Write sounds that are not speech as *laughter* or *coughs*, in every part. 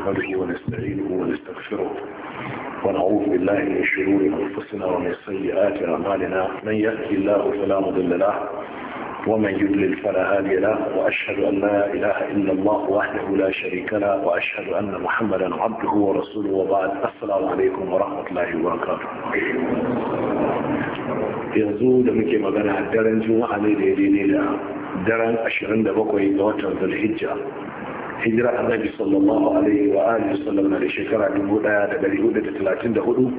نحمده ونستعينه ونستغفره ونعوذ بالله من شرور انفسنا ومن سيئات اعمالنا من يهدي الله فلا مضل له ومن يضلل فلا هادي له واشهد ان لا اله الا الله وحده لا شريك له واشهد ان محمدا عبده ورسوله وبعد السلام عليكم ورحمه الله وبركاته yanzu da muke magana daren juma'a ne daidai da daren 27 ga watan zulhijja hijira annabi sallallahu alaihi wa alihi sallam na da shekara 1434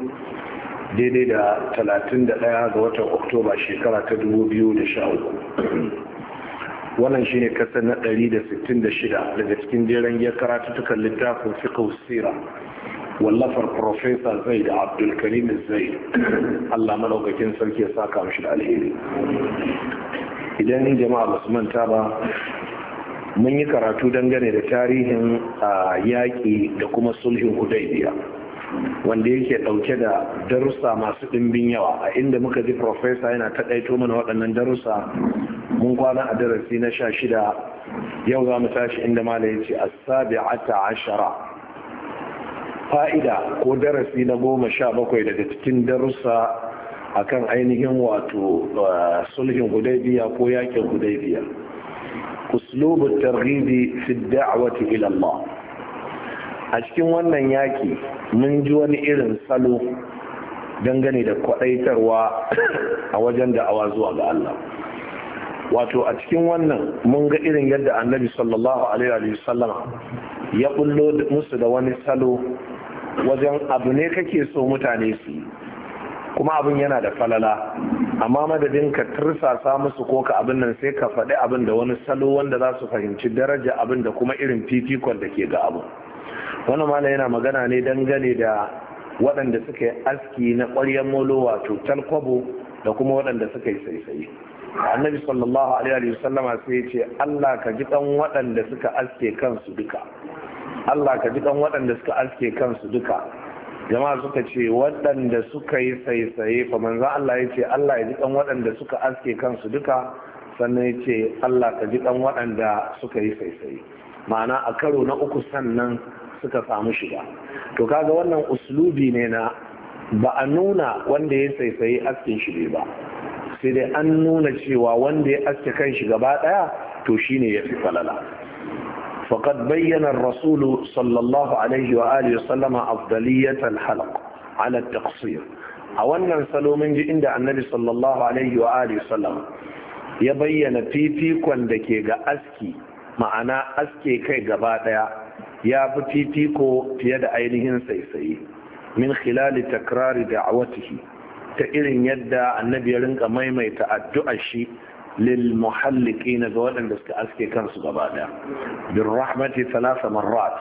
daidai da 31 ga watan oktoba shekara ta 2013 wannan shine kasa na 166 daga cikin jeren ya karatutukan littafin fi sira wallafar profesa da abdulkarim zai allah malaukakin sarki ya saka mashi da alheri idan jama'a ba su manta ba mun yi karatu dangane da tarihin yaƙi da kuma sulhin hudaybiya wanda yake ɗauke da darussa masu ɗimbin yawa a inda muka ji profesa yana ta ɗaito mana waɗannan darussa mun kwana a darasi na sha shida yau za mu tashi inda mala ya ce asabi'ata ashara fa'ida ko darasi na goma sha bakwai daga cikin darussa akan ainihin wato sulhin hudaybiya ko yaƙin hudaybiya uslubu targhibi fi da'wati ila Allah a cikin wannan yaki mun ji wani irin salo dangane da kwadaitarwa a wajen da'awa zuwa ga Allah wato a cikin wannan mun ga irin yadda annabi sallallahu alaihi wa ya bullo musu da wani salo wajen abu ne kake so mutane su yi kuma abin yana da falala amma madadin ka tursasa musu ko ka abin nan sai ka faɗi abin da wani salo wanda za su fahimci daraja abin da kuma irin fifikon da ke ga abu wani mana yana magana ne dangane da waɗanda suka yi aski na ƙwaryen molo wato talkwabo da kuma waɗanda suka yi saisaye annabi sallallahu alaihi wa sallama sai ce Allah ka ji ɗan waɗanda suka aske kansu duka Allah ka ji ɗan waɗanda suka aske kansu duka jama'a suka ce waɗanda suka yi saisaye fa manzan Allah ya ce Allah ya ji ɗan waɗanda suka aske kansu duka sannan ya ce Allah ka ji ɗan waɗanda suka yi saisaye ma'ana a karo na uku sannan suka samu shiga to kaga wannan uslubi ne na ba a nuna wanda ya saisaye askin shi ba sai dai an nuna cewa wanda ya aske kan shi gaba ɗaya to shi ne ya fi falala فقد بين الرسول صلى الله عليه وآله وسلم أفضلية الحلق على التقصير أولا سلو من عند النبي صلى الله عليه وآله وسلم يبين في في كون دكيغا أسكي معنا أسكي كي غبادا يا في في كو في يد أيلهن سيسي من خلال تكرار دعوته تئرن يد النبي لنك ميمي تأدو أشي للمحلقين جوانا بس كأسكي كان سببا بالرحمة ثلاث مرات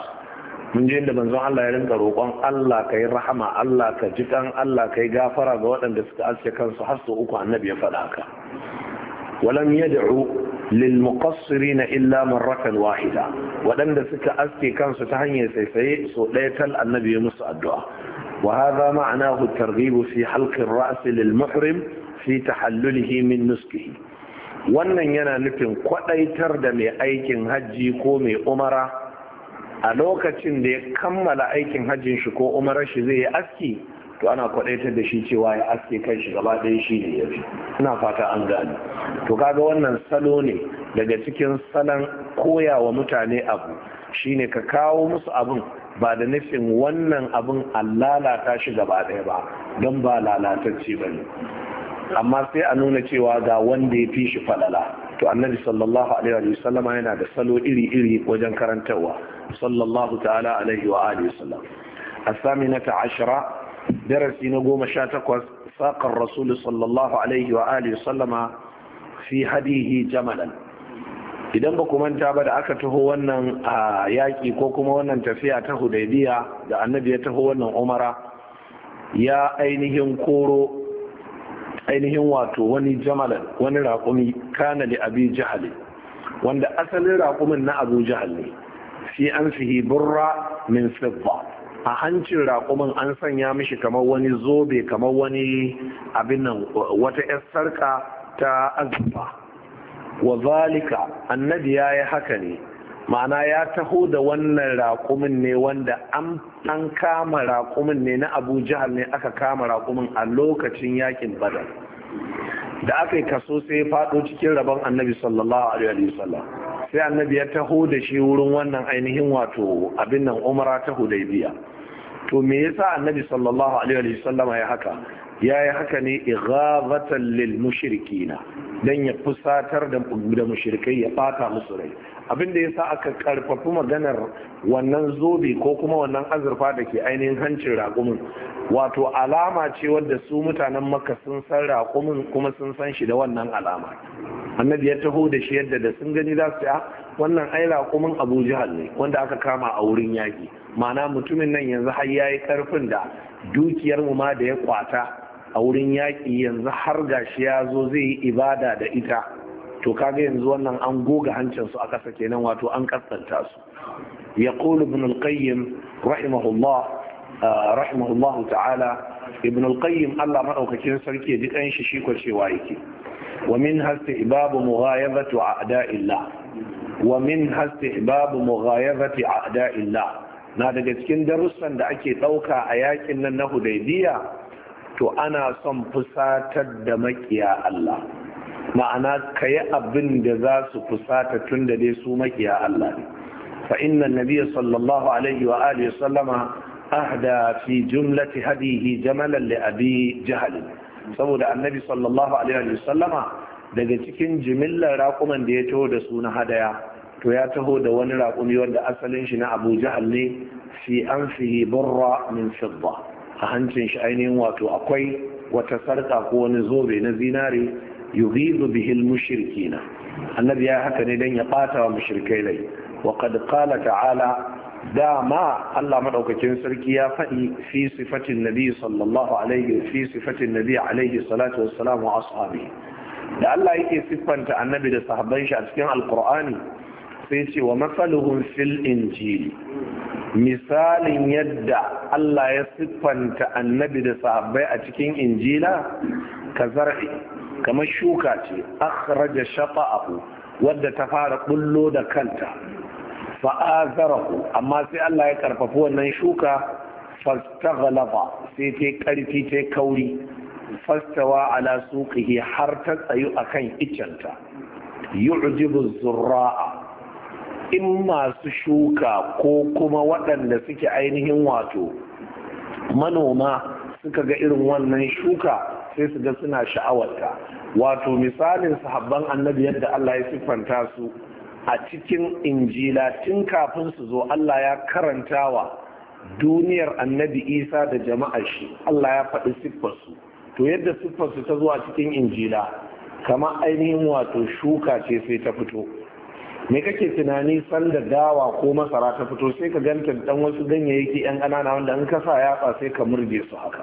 من جيل من زوان الله يلنك روقان ألا كي رحمة الله كجتان ألا كي غافرة جوانا بس كأسكي كان سحسو أكو النبي فلاكا ولم يدعو للمقصرين إلا مرة واحدة ولم دسك أسكي كان ستحني سيسي سؤليتا النبي مصع الدعاء وهذا معناه الترغيب في حلق الرأس للمحرم في تحلله من نسكه wannan yana nufin kwadaitar da mai aikin hajji ko mai umara a lokacin da ya kammala aikin hajjin shi ko umarar shi zai yi aski to ana kwadaitar da shi cewa ya aske kan shi gaba ɗaya shi ne ya ina fata an gane to kaga wannan salo ne daga cikin salon koya wa mutane abu shine ka kawo musu abin ba da nufin wannan abin a lalata shi gaba ɗaya ba don ba lalatacce ba ne amma sai a nuna cewa ga wanda ya fi shi falala to annabi sallallahu alaihi wa sallama yana da salo iri iri wajen karantarwa sallallahu ta'ala alaihi wa alihi wasallam asaminata ashara darasi na goma sha takwas saƙar rasul sallallahu alaihi wa alihi sallama fi hadihi jamalan idan ba manta ba da aka taho wannan a yaƙi ko kuma wannan tafiya ta hudaybiya da annabi ya taho wannan umara ya ainihin koro ainihin wato wani jamal wani raƙumi kana li abi jahali wanda asalin raƙumin na abu jahal ne fi an sihi burra min sibba a hancin raƙumin an sanya mishi kamar wani zobe kamar wani abin nan wata 'yar sarka ta azurfa wa zalika annabi yayi haka ne ma'ana ya taho da wannan raƙumin ne wanda an kama raƙumin ne na abu jihar ne aka kama raƙumin a lokacin yakin badar da aka yi kaso sai ya faɗo cikin rabon annabi sallallahu alaihi wasallam sai annabi ya taho da shi wurin wannan ainihin wato abin nan umara ta hudaybiya to me yasa annabi sallallahu alaihi wasallam ya haka ya yi haka ne ighabatan lil mushrikina dan ya fusatar da mushrikai ya fata musu rai abin da sa aka karfafi maganar wannan zobe ko kuma wannan azurfa da ke ainihin hancin raƙumin wato alama ce wadda su mutanen makka sun san raƙumin kuma sun san shi da wannan alama annabi ya taho da shi yadda da sun gani za su ya ah, wannan ai raƙumin abu jihar ne wanda aka kama a wurin yaƙi ma'ana mutumin nan yanzu har ya yi ƙarfin da dukiyar mu ma da ya kwata a wurin yaƙi yanzu har gashi ya zo zai yi ibada da ita to kaga yanzu wannan an goga hancin su aka sake nan wato an kasanta su Ya yaqul ibn al-qayyim rahimahullah uh, rahimahullah ta'ala ibn al-qayyim Allah madaukakin sarki duk an shi shiko cewa yake wa min hasti ibabu mughayabatu a'da'illah wa min hasti ibabu mughayabati a'da'illah na daga cikin darussan da ake ɗauka a yakin nan na hudaybiya to ana son fusatar da makiya Allah ma'ana ka yi abin da za su fusata tun da dai su makiya Allah ne fa inna nabiyya sallallahu alaihi wa alihi sallama ahda fi jumlati hadihi jamalan li abi jahal saboda annabi sallallahu alaihi wa sallama daga cikin jimillar raƙuman da ya taho da su na hadaya to ya taho da wani raƙumi wanda asalin shi na Abu Jahal ne fi anfihi burra min fidda a hancin shi ainihin wato akwai wata sarƙa ko wani zobe na zinare yughizu bihil mushrikina annabi ya haka ne dan ya bata wa mushrikai rai wa qad qala ta'ala dama Allah madaukakin sarki ya faɗi fi sifatin nabi sallallahu alaihi fi sifatin nabi alaihi salatu ashabi da Allah yake siffanta annabi da sahabban shi a cikin alqur'ani sai ce wa masaluhum fil injili misalin yadda Allah ya siffanta annabi da sahabbai a cikin injila ka zar'i kamar shuka ce akhraja shafa'ahu wadda ta fara bullo da kanta fa'azarahu amma sai Allah ya karfafi wannan shuka fastaghlaba sai ta karfi ta kauri fastawa ala suqihi har ta tsayu akan icenta yu'jibu zurra'a in masu shuka ko kuma waɗanda suke ainihin wato manoma suka ga irin wannan shuka sai su ga suna sha'awarta wato misalin sahabban annabi yadda Allah ya siffanta su a cikin injila tun kafin su zo Allah ya karanta wa duniyar annabi isa da jama'ar shi Allah ya faɗi siffarsu to yadda siffarsu ta zuwa cikin injila kama ainihin wato shuka ce sai ta fito me kake tunani sanda dawa ko masara ta fito sai ka ganta dan wasu ganyayyaki yan ƙanana wanda in kasa ya yatsa sai ka murje su haka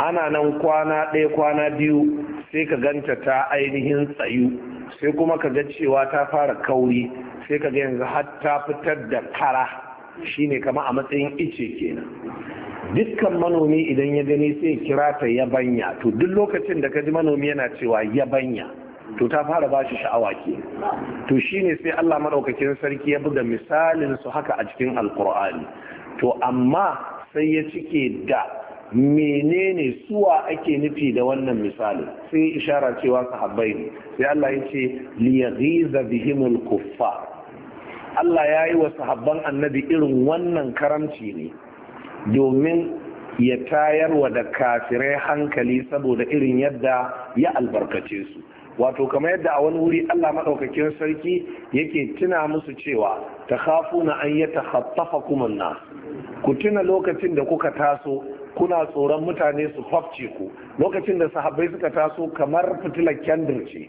ana nan kwana ɗaya kwana biyu sai ka ganta ta ainihin tsayu sai kuma ka ga cewa ta fara kauri sai ka ga yanzu har ta fitar da kara shine kama a matsayin ice kenan dukkan manomi idan ya gani sai kira ta yabanya to duk lokacin da ka ji manomi yana cewa yabanya to ta fara bashi sha'awa ke to shi ne sai Allah maɗaukakin sarki ya buga misalin su haka a cikin alkur'ani to amma sai ya cike da menene suwa ake nufi da wannan misali sai ishara cewa sahabbai ne sai Allah ya ce liyaghiza bihimul kuffa. Allah ya yi wa sahabban annabi irin wannan karamci ne domin ya tayarwa da kafirai hankali saboda irin yadda ya albarkace su wato kamar yadda a wani wuri Allah maɗaukakin sarki yake tuna musu cewa ta na an yi ta kumanna ku tuna lokacin da kuka taso kuna tsoron mutane su fafce ku lokacin da sahabbai suka taso kamar fitilar kyandir ce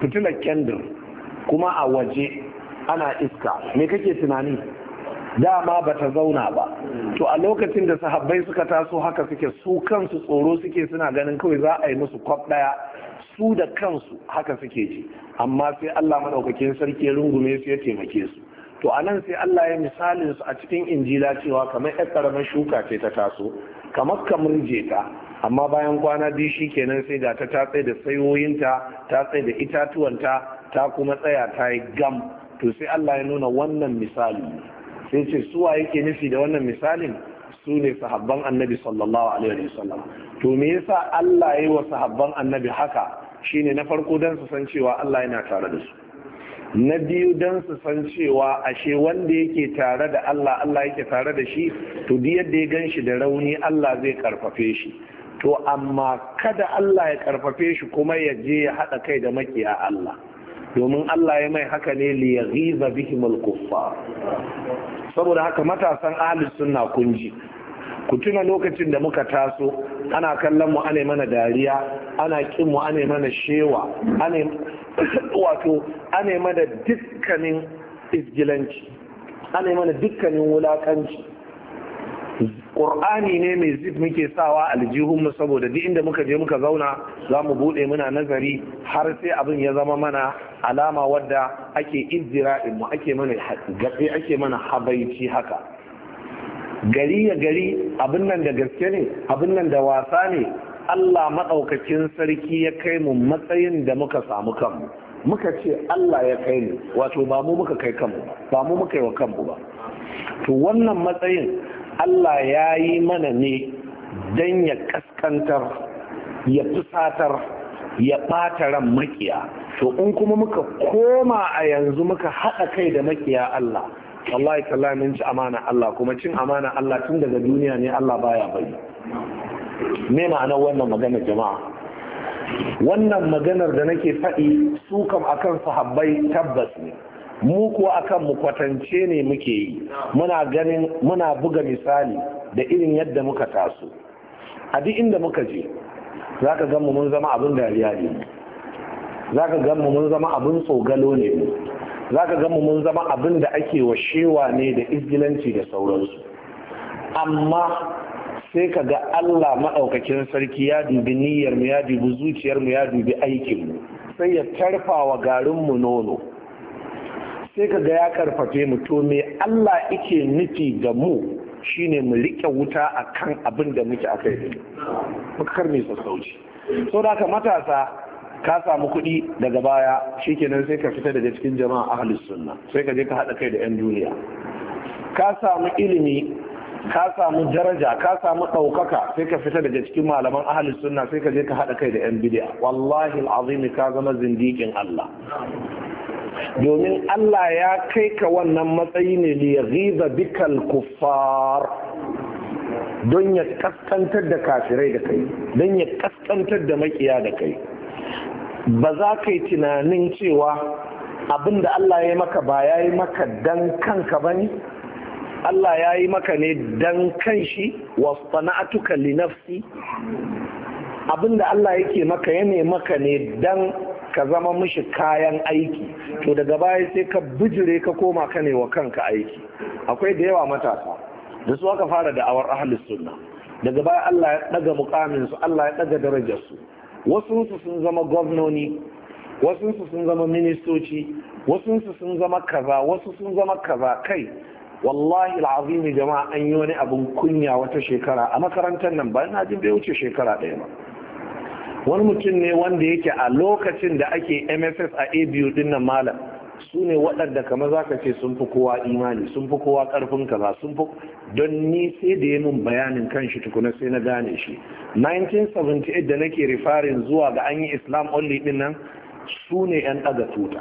fitilar kyandir kuma a waje ana iska me kake tunani dama ba ta zauna ba to a lokacin da sahabbai suka taso haka suke su kansu tsoro suke suna ganin kawai za a yi musu kwaf daya su da kansu haka suke ji amma sai Allah madaukakin sarki ya rungume su ya taimake su to anan sai Allah ya misalin su a cikin injila cewa kamar yar karamar shuka ce ta taso kamar kamar ta, amma bayan kwana biyu shi kenan sai ga ta tatsai da sayoyinta ta tsaye da itatuwanta ta kuma tsaya ta yi gam to sai Allah ya nuna wannan misali sai ce suwa yake nufi da wannan misalin su ne sahabban annabi sallallahu alaihi wasallam to me yasa Allah ya yi wa sahabban annabi haka shine na farko don su san cewa Allah yana tare da su na biyu don su san cewa ashe wanda yake tare da Allah Allah yake tare da shi to duk yadda ya gan shi da rauni Allah zai karfafe shi to amma kada Allah ya karfafe shi kuma ya je ya haɗa kai da makiya Allah domin Allah ya mai haka ne li yaghiza bihim al saboda haka matasan ahlus suna kunji ku tuna lokacin da muka taso ana kallon mu ana mana dariya ana kin mu ana mana shewa ana *coughs* wato ana mana dukkanin isgilanci ana mana dukkanin wulakanci Ƙur'ani ne mai zid muke sawa aljihunmu saboda duk inda muka je muka zauna za mu buɗe muna nazari har sai abin ya zama mana alama wadda ake mu ake mana gafe ake mana habaici haka gari ya gari abin nan da gaske ne abin nan da wasa ne Allah maɗaukacin sarki ya kai mu matsayin da muka samu kanmu muka ce Allah ya kai ni wato ba mu muka kai kanmu ba mu muka yi wa kanmu ba to wannan matsayin Allah ya yi mana ne don ya kaskantar ya fusatar ya ɓata ran makiya to in kuma muka koma a yanzu muka haɗa kai da makiya Allah wallahi tallahi mun ci amana Allah kuma cin amana Allah tun daga duniya ne Allah baya bai me ma'anar wannan magana jama'a wannan maganar da nake faɗi su kam akan sahabbai tabbas ne mu kuwa akan mu kwatance ne muke yi muna ganin muna buga misali da irin yadda muka taso a duk inda muka je za ka gan mu mun zama abin dariya ne za ka gan mu mun zama abin tsogalo ne za ka gama mun zama abin da ake wa shewa ne da izgilanci da sauransu amma sai ka ga Allah maɗaukakin sarki ya dubi niyyar mu ya dubi zuciyar ya dubi aikin sai ya tarfa wa garin nono sai ka ga ya karfafe mu to me Allah ike nufi da mu shine mu rike wuta a kan abin da muke akai da mu mai sassauci saboda matasa ka samu kuɗi daga baya shikenan sai ka fita daga cikin jama'a ahlus sunna sai ka je ka haɗa kai da 'yan duniya ka samu ilimi ka samu daraja ka samu ɗaukaka sai ka fita daga cikin malaman ahalin sunna sai ka je ka haɗa kai da 'yan bidiya wallahi azimi ka zama zindikin Allah domin Allah ya kai ka wannan matsayi ne ya bikal kuffar don ya kaskantar da kafirai da kai don ya kaskantar da makiya da kai ba za ka yi tunanin cewa abin da Allah ya maka ba ya yi maka dan kanka ba ne Allah ya yi maka ne dan kanshi wa sana'atuka li nafsi abin da Allah yake maka ya ne maka ne dan ka zama mishi kayan aiki to daga baya sai ka bijire ka koma ka ne wa kanka aiki akwai da yawa matasa da su aka fara da awar ahlus sunna daga baya Allah ya ɗaga mukamin Allah ya daga darajar Wasu sun zama gwamnoni wasu sun zama ministoci wasu sun zama kaza wasu sun zama kaza kai wallahi al'azimi jama'a an yi wani abin kunya wata shekara a makarantar nan bayan hajjin bai wuce shekara ɗaya ba wani mutum ne wanda yake a lokacin da ake mss a abu din malam su ne waɗanda kamar za ka ce sun fi kowa imani sun fi kowa ƙarfin kaza sun fi don ni sai da yi min bayanin kan shi tukuna sai na gane shi 1978 da nake rifarin zuwa ga an yi islam only ɗin nan su ne 'yan ɗaga tuta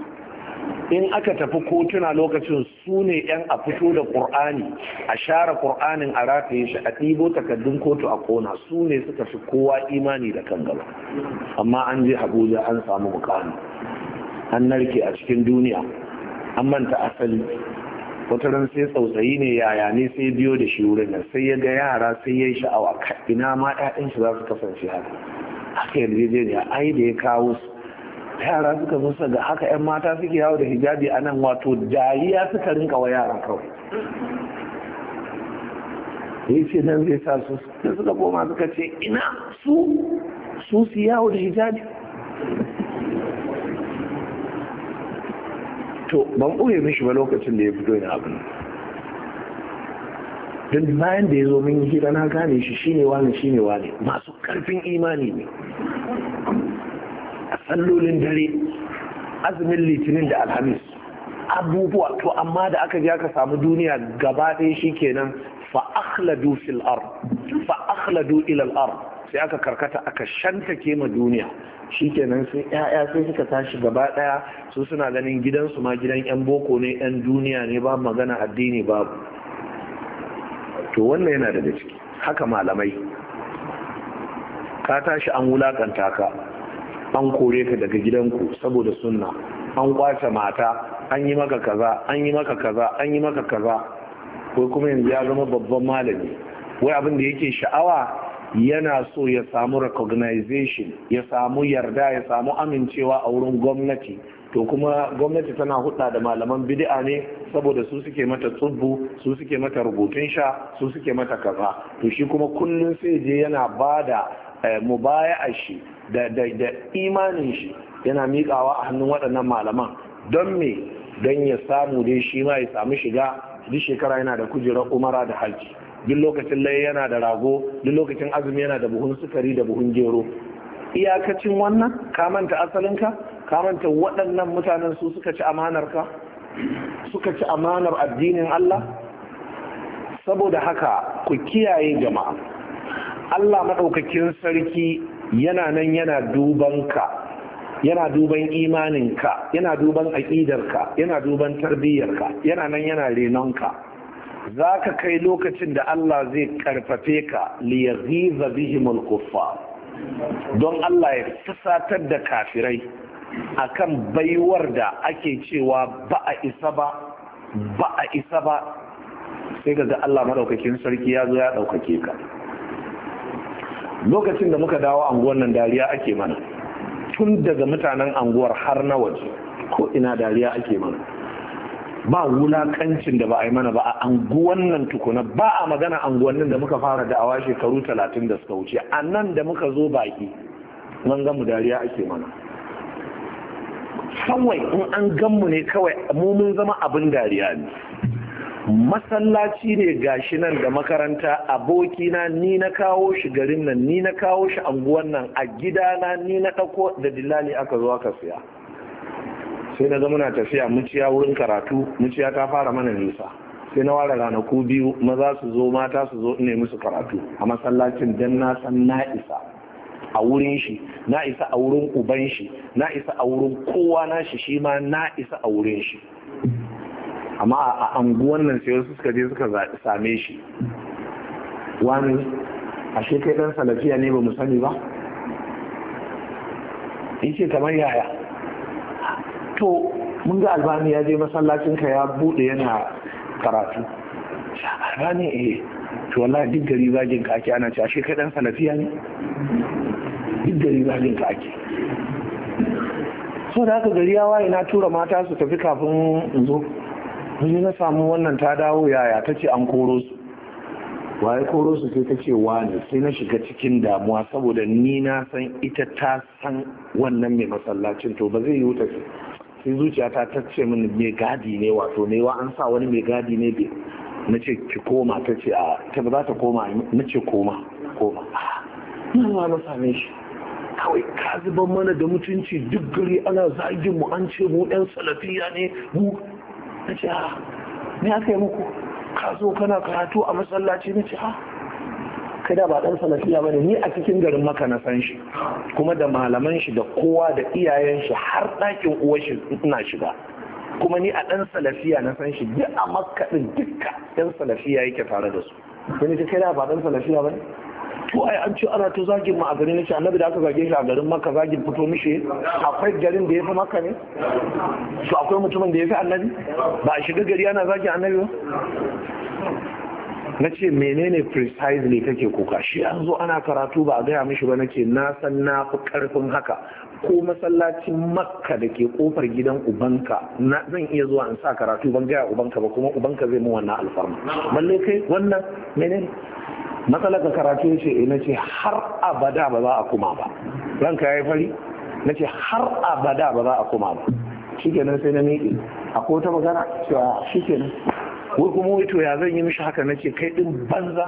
in aka tafi kotuna lokacin su ne 'yan a fito da ƙur'ani a share ƙur'anin a rataye shi a ɗibo takardun kotu a kona su ne suka fi kowa imani da kan gaba amma an je abuja an samu bukani an narke a cikin duniya an manta asali wata ran sai tsautsayi ne yaya ne sai biyo da shi wurin nan sai ya ga yara sai ya yi sha'awa ina ma ɗaɗin shi za su kasance haka haka yarjejeniya ai da ya kawo su yara suka musa ga haka 'yan mata suke yawo da hijabi a nan wato dariya suka rinka wa yara kawai ya ce nan zai sa su suka koma suka ce ina su su su yawo da hijabi to ban ɓoye mishi ba lokacin da ya fito yin abin don bayan da ya zo min hira na gane shi shine shi shine wani masu karfin imani ne a tsallolin dare azumin litinin da alhamis abubuwa to amma da aka bi aka samu duniya gaba ɗaya shi kenan fa'akhladu fil fa'akhladu ilal'ar sai aka karkata aka shanta ma duniya shikenan sun ya'ya sai suka tashi gaba daya su suna ganin gidansu ma gidan yan boko ne yan duniya ne ba magana addini babu to wannan yana daga ciki haka malamai ka tashi an wulakanta ka an kore ka daga gidanku saboda sunna an kwace mata an yi maka kaza an yi maka kaza an yi maka kaza ko kuma yanzu ya zama babban malami wai abin da yake sha'awa yana so ya samu recognition ya samu yarda ya samu amincewa a wurin gwamnati to kuma gwamnati tana hudda da malaman bid'a ne saboda su suke mata tsubbu su suke mata rubutun sha su suke mata kaza to shi kuma kullum sai je yana ba da eh, mubaya'a shi da imanin shi yana miƙawa a hannun waɗannan malaman don me don ya samu dai shi ma ya samu shiga duk shekara yana da kujerar umara da haji duk lokacin laye yana da rago duk lokacin azumi yana da buhun sukari da buhun gero iyakacin wannan ka manta asalinka ka manta waɗannan mutanen su suka ci amanar ka suka ci amanar addinin Allah saboda haka ku kiyaye jama'a Allah maɗaukakin sarki yana nan yana duban ka yana duban imaninka yana duban aƙidarka yana duban tarbiyyarka yana nan yana renonka za ka kai lokacin da Allah zai karfafe ka liyaghiza bihimul kuffar don Allah ya fusatar da kafirai akan baiwar da ake cewa ba a isa ba ba a isa ba sai ga Allah madaukakin sarki ya zo ya ɗaukake ka lokacin da muka dawo anguwar nan dariya ake mana tun daga mutanen anguwar har na waje ko ina dariya ake mana ba wulakancin da ba a yi mana ba a anguwan tukuna ba a magana anguwannin da muka fara da awa shekaru talatin da suka wuce a nan da muka zo baki mun ga dariya ake mana kawai in an gan mu ne kawai mu mun zama abin dariya ne masallaci ne gashi nan da makaranta abokina ni na kawo shi garin nan ni na kawo shi anguwan nan a gidana ni na ɗauko da dillali aka zo aka siya sai na ga muna tafiya muciya wurin karatu muciya ta fara mana nisa sai na ware ranaku biyu maza su zo mata su zo ne musu karatu a masallacin dan na san na isa a wurin shi na isa a wurin uban shi na isa a wurin kowa na shi shi ma na isa a wurin shi amma a anguwan nan sai wasu suka je suka same shi wani ashe kai dan salafiya ne ba mu sani ba ce kamar yaya to mun ga albani ya je masallacinka ya bude yana karatu albani eh to wallahi duk gari zagin ka ake ana ce. shi kai dan salafiya ne duk gari zagin ka ake so da haka gari ya waye na tura mata su tafi kafin in zo mun na samu wannan ta dawo yaya ta ce an koro su waye koro su sai ta ce wani sai na shiga cikin damuwa saboda ni na san ita ta san wannan mai masallacin to ba zai yi wuta sai zuciyata ta ce mini mai gadi ne wato ne wa an sa wani mai gadi ne bi na ce ki koma ta ce a ta za ta koma na ce koma koma ah, na ma na same shi kawai ka zuban mana da mutunci duk gari ana zagin mu an ce mu 'Yan salafiya ne mu na ce ha ah, ne aka yi muku ka zo kana karatu a masallaci na ce ha ah, kai da ba dan salafiya bane ni a cikin garin maka na san shi kuma da malaman shi da kowa da iyayen shi har ɗakin uwar shi ina shiga kuma ni a dan salafiya na san shi duk a makka din dukka dan salafiya yake tare da su kuma ta kai da ba dan salafiya bane to ai an ce ana ta zagin ma a garin nace annabi da aka zage shi a garin maka zagin fito mishi akwai garin da ya fi maka ne to akwai mutumin da ya fi annabi ba a shiga gari ana zagin annabi ba na ce menene precisely kake kuka shi an zo ana karatu ba a gaya mishi ba nake na san na fi karfin haka ko masallacin makka da ke kofar gidan ubanka na zan iya zuwa in sa karatu ban gaya ubanka ba kuma ubanka zai mun wannan alfarma balle kai wannan menene matsalar karatu ce eh, na ce har abada ba za a kuma ba ranka ya yi fari na ce har abada ba za a kuma ba shi kenan sai na miƙe akwai wata magana cewa shi kenan wai kuma wato ya zan yi mishi haka nake kai din banza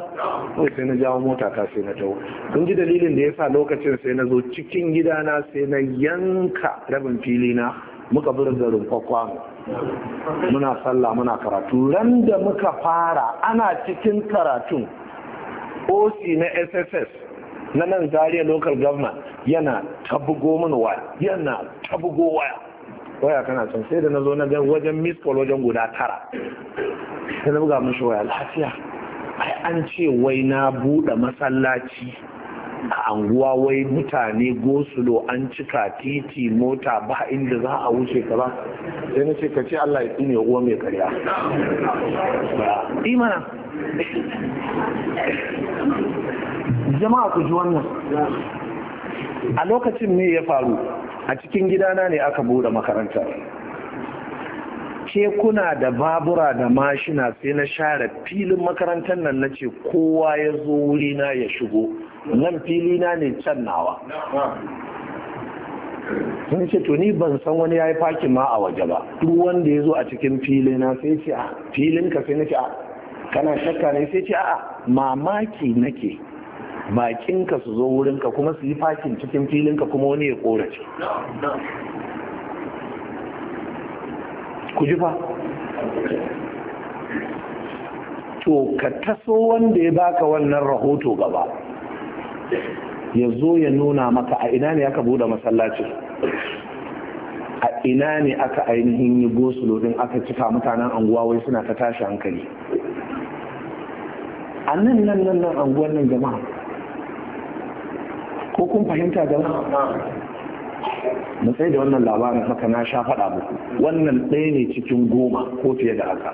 Wai sai na jawo mota ta sai na tawo kun ji dalilin da yasa lokacin sai na zo cikin gidana sai na yanka rabin fili na muka burin da rumfakwa muna sallah muna karatu ran muka fara ana cikin karatun oc na sss na nan zaria local government yana tabugo mana waya yana tabugo waya waya tana can sai da na zo na ga wajen miskol wajen guda tara sai na buga shi waya lafiya ai an ce wai na buɗe masallaci a anguwa wai mutane gosulo an cika titi mota ba inda za a wuce ka ba sai na ce ka ce Allah ya tsine uwa mai karya imana jama'a ku ji wannan a lokacin ne ya faru a cikin gidana ne aka bude makarantar kekuna da babura da mashina sai na share filin makarantar nan na ce kowa ya zo wurina ya shigo nan filina ne can nawa sun ce to ni ban san wani ya yi fakin ma a waje ba duk wanda ya zo a cikin filina sai ce a filin ka sai na ce a kana shakka ne sai ce a mamaki nake makinka su zo wurinka kuma su yi fakin cikin filinka kuma wani ya korace ku ji fa to ka taso wanda ya baka wannan rahoto gaba ya zo ya nuna maka a ina ne aka bude masallaci a ina ne aka ainihin yi gosulo din aka cika mutanen anguwa wai suna ta tashi hankali a nan nan nan anguwan nan jama'a ko kun fahimta da mu tsaye da wannan labarin haka na sha faɗa muku wannan ɗaya ne cikin goma ko fiye da haka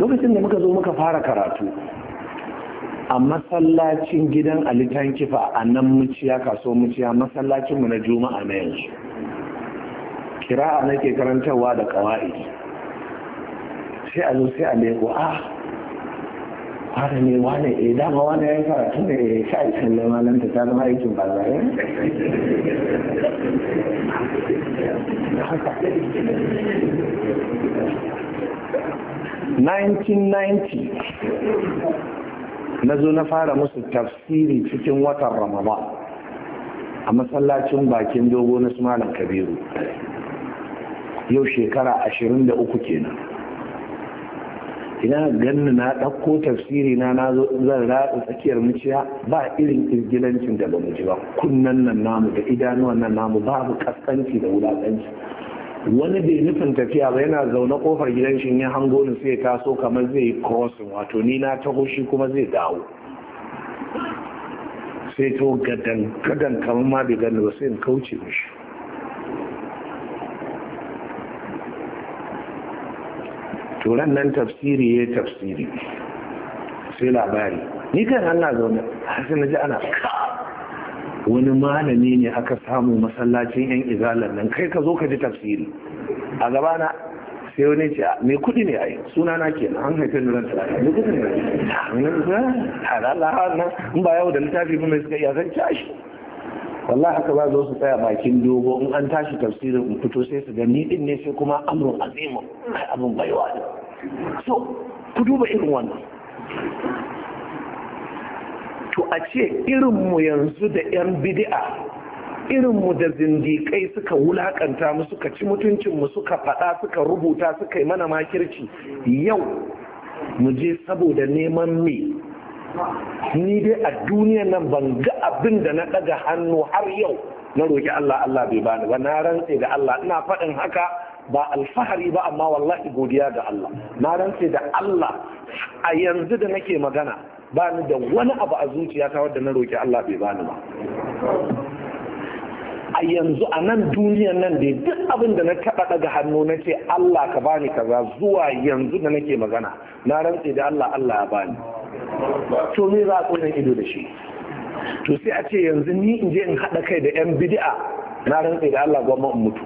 lokacin da muka zo muka fara karatu a masallacin gidan alitan kifa a nan muciya kaso muciya masallacinmu na juma'a na yanzu Kira kira'a nake karantarwa da kawai sai a zo sai a leko ah haka ne wane e dama wane ya yi karatu da ya sha isan da nan ta ta zama aikin ba za haka 1990 na zo na fara musu tafsiri cikin watan ramadan a masallacin bakin dogo na su malam kabiru yau shekara 23 kenan ina ganin na ɗauko tafsiri na na zan ratsa tsakiyar muciya ba irin izgilancin da bamu ji ba kunnan nan namu da idanuwan nan namu babu kaskanci da wulakanci wani bai nufin tafiya ba yana zaune kofar gidan shi ya hango ni sai taso kamar zai yi crossing wato ni na taho shi kuma zai dawo sai to gadan gadan kamar ma bai gani ba sai in kauce mishi turan nan tafsiri ya tafsiri sai labari ni kan ana zaune har na ji ana wani malami ne aka samu masallacin yan izalar nan kai ka zo ka ji tafsiri a gabana sai wani ce ah, mai kudi ne ai suna na ke an haife ni ran talata mai kudi ne halala ah, ah, na ba yau da littafi ba mai suka iya zan ci wallahi haka ba zo su tsaya bakin dogo in an tashi tafsirin in fito sai su gani din ne sai kuma amrun azimun abin baiwa ne so ku duba irin wannan to a ce irinmu yanzu da 'yan bidi'a irinmu da zindikai suka wulakanta mu suka ci mutuncinmu suka faɗa suka rubuta suka yi mana makirci yau mu je saboda neman me ni dai a duniyar nan ban ga abin da na ɗaga hannu har yau na roƙi Allah Allah bai bani ba na rantse da Allah ina faɗin haka ba alfahari ba amma wallahi godiya ga Allah na rantse da Allah a yanzu da nake magana bani da wani abu a zuciyata wadda na roƙi Allah bai bani ba a yanzu a nan duniyan nan dai duk abin da na taɓa daga hannu na ce Allah ka bani kaza zuwa yanzu da nake magana na rantse da Allah Allah ya bani to me za a ƙunan ido da shi to sai a ce yanzu ni in je in haɗa kai da 'yan bidi'a na rantse da Allah gwamma in mutu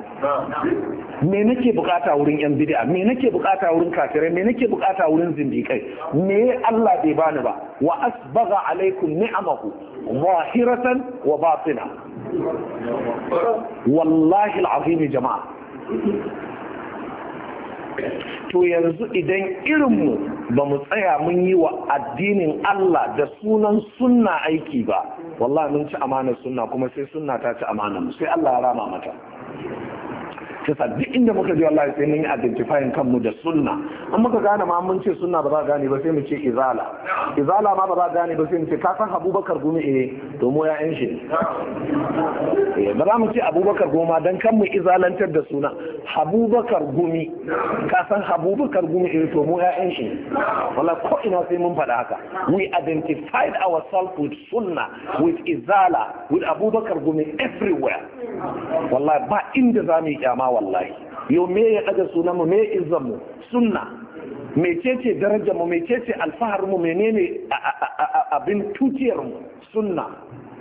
me nake bukata wurin 'yan bidi'a me nake bukata wurin kafirai me nake bukata wurin zindikai me Allah bai bani ba wa asbaga alaikum ni'amahu zahiratan wa batina wallahi al'azim jama'a to yanzu idan irinmu ba mu tsaya mun yi wa addinin Allah da sunan sunna aiki ba wallahi mun ci amanar sunna kuma sai sunna ta ci amanar sai Allah ya rama mata kisa duk inda muka ji wallahi sai mun yi identifying kanmu da sunna an muka gane ma mun ce sunna ba za gane ba sai mu ce izala izala ma ba za gane ba sai mu ce ka san abubakar gumi eh to mu ya shi eh, ba za mu ce abubakar gumi ma dan kan mu izalantar da suna abubakar gumi ka san abubakar gumi eh to mu ya shi wallahi ko ina sai mun faɗa haka we identified ourselves with sunna with izala with abubakar gumi everywhere wallahi ba inda za mu yi kyama wallahi yau me ya ɗaga sunan mu me izzan mu sunna mecece darajar mu mecece alfahar mu menene abin tutiyar mu sunna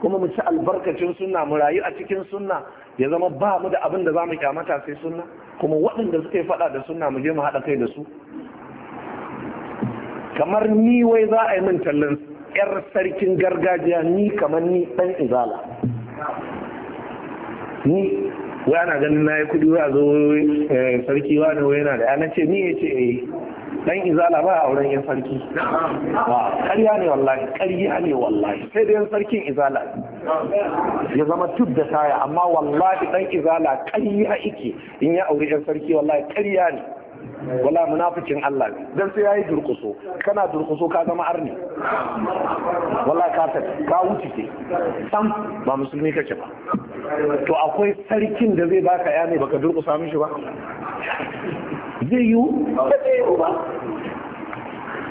kuma mu ci albarkacin sunna mu rayu a cikin sunna ya zama ba mu da abin da za mu kyamata sai sunna kuma waɗanda suka yi faɗa da sunna mu je mu haɗa kai da su kamar ni wai za a yi min tallan yar sarkin gargajiya ni kamar ni ɗan izala ni wa ana ganin na yi kudi a zo eh, sarki wa da yana da ana ce ni ya ce eh dan izala ba auren yan sarki wa ƙarya ne wallahi ƙarya ne wallahi sai dai yan sarkin izala ya zama tub da taya amma wallahi dan izala ƙarya ike in ya auri yan sarki wallahi ƙarya ne wala munafikin Allah dan sai yayi durkuso kana durkuso ka zama arni wala ka ta ka wuce ke sam ba musulmi kake ba to akwai sarkin da zai baka ya ne baka durkusa mishi ba zai yi ba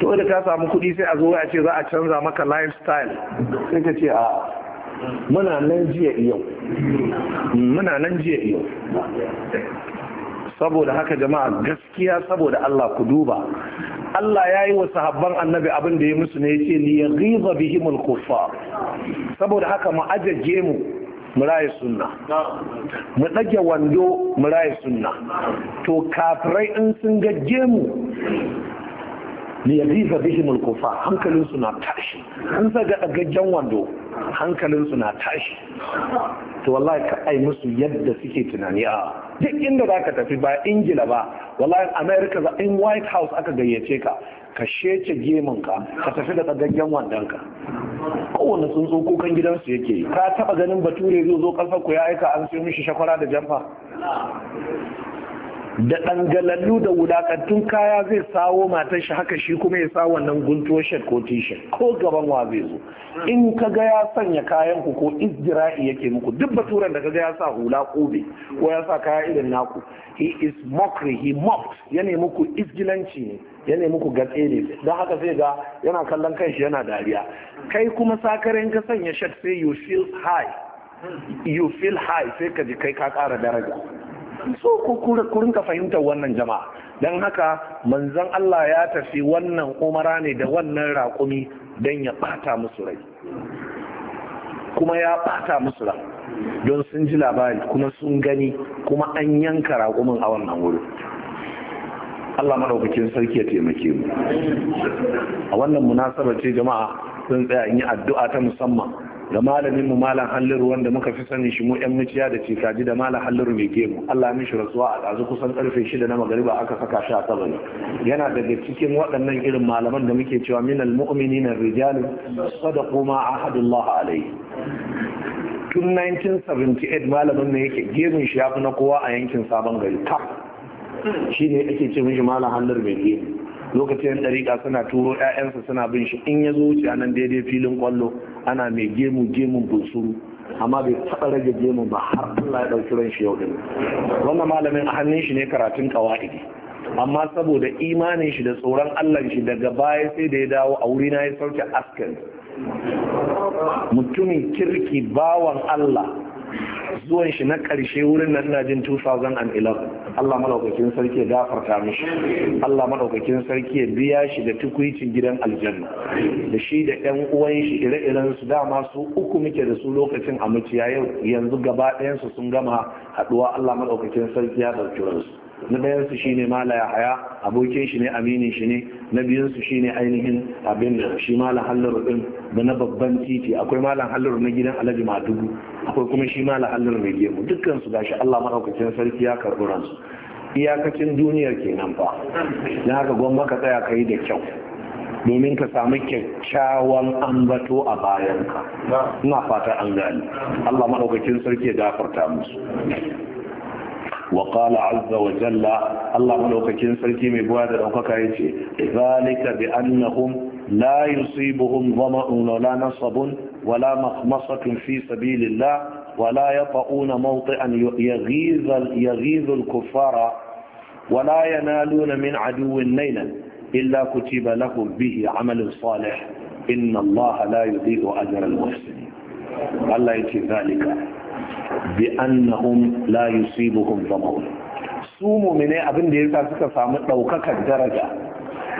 to da ka samu kuɗi sai a zo a ce za a canza maka lifestyle sai ka ce a muna nan jiya iyo. muna nan jiya iyo. saboda haka jama'a gaskiya saboda Allah ku duba Allah ya yi wa sahabban annabi abin da ya musu ne ya ce li yaghiza bihimul kuffar saboda haka mu ajaje mu mu raye sunna mu ɗage wando mu raye sunna to kafirai in sun gaje mu li yaziza bihim al-kufa hankalin su na tashi an sa gaggan wando hankalin su na tashi to wallahi ka ai musu yadda suke tunani a duk inda zaka tafi ba ingila ba wallahi america za in white house aka gayyace ka ka shece gemun ka ka tafi da gaggan wandon ka kowane tsuntsu kukan gidansu yake ka taba ganin bature zai zo kasar ku ya aika an siyo mishi shakwara da jamfa da ɗangalallu da wulaƙantun kaya zai sawo matar shi haka shi kuma ya sa wannan guntuwar shirt ko t ko gaban wa zai zo in ka ga ya sanya kayan ku ko izjira'i yake muku duk baturan da ka ga ya sa hula kobe ko ya sa kaya irin naku he is mockery he mocked ya ne ku izgilanci ne ya ne gatse ne don haka sai ga yana kallon kanshi yana dariya kai kuma sakarin ka sanya shirt sai you feel high you feel high sai ka ji kai ka ƙara daraja so ku fahimtar wannan jama'a don haka manzon Allah ya tafi wannan umara ne da wannan raƙumi don ya ɓata musu rai kuma ya ɓata musu rai don sun ji labari kuma sun gani kuma an yanka raƙumin a wannan wuri Allah maɗaukakin sarki ya taimake mu a wannan munasaba ce jama'a sun tsaya in yi addu'a ta musamman da malamin mu malam halliru wanda muka fi sani shi mu yan muciya da kaji da malam halliru mai gemu Allah ya mishi rasuwa a ɗazu kusan karfe shida na magariba aka saka shi a yana daga cikin waɗannan irin malaman da muke cewa minal mu'minina rijal sadaqu ma ahadullah alayhi tun 1978 malamin ne yake gemun shi ya fi na kowa a yankin sabon gari ta shi ne ake ce mishi malam halliru mai gemu lokacin ɗariƙa suna turo 'ya'yansa suna bin shi in ya zo wuce a nan daidai filin kwallo ana mai gemu gemun bunsuru amma bai taɓa rage gemu ba har Allah ya ɗauki ran shi yau ɗin wannan malamin a hannun shi ne karatun ƙawa'idi amma saboda imanin shi da tsoron Allah shi daga baya sai da ya dawo a wuri na ya sauke askan mutumin kirki bawan Allah zuwan shi na ƙarshe wurin nan na jin 2011 Allah madaukakin sarki ya gafarta mishi Allah madaukakin sarki ya biya shi da tukwicin gidan aljanna da shi da ɗan uwan shi ire-iren su dama su uku muke da su lokacin a muciya yau yanzu gaba ɗayan sun gama haɗuwa Allah madaukakin sarki ya ɗauki wansu na ɗayansu shi ne mala ya haya abokin shi ne aminin shi ne na biyunsu shi ne ainihin abin da shi malam hallar din da na babban titi akwai malam hallar na gidan alhaji madugu Akwai kuma shi ma la'allar mai gemu dukkan su gashi Allah maɗaukacin sarki ya karɓi ransu iyakacin duniyar kenan fa na haka gwamma ka tsaya ka yi da kyau domin ka samu kyakkyawan ambato a bayanka ina fata an gani Allah maɗaukacin sarki ya gafarta musu وقال عز وجل الله ملوكين سلكي مي بوا da daukaka yace zalika bi annahum la yusibuhum dhama'un wala ولا مخمصة في سبيل الله ولا يطؤون موطئا يغيظ يغيظ الكفار ولا ينالون من عدو نيلا إلا كتب لهم به عمل صالح إن الله لا يضيع أجر المحسنين الله يتي ذلك بأنهم لا يصيبهم ظمأ su mumine abin da ya sa suka samu ɗaukakar daraja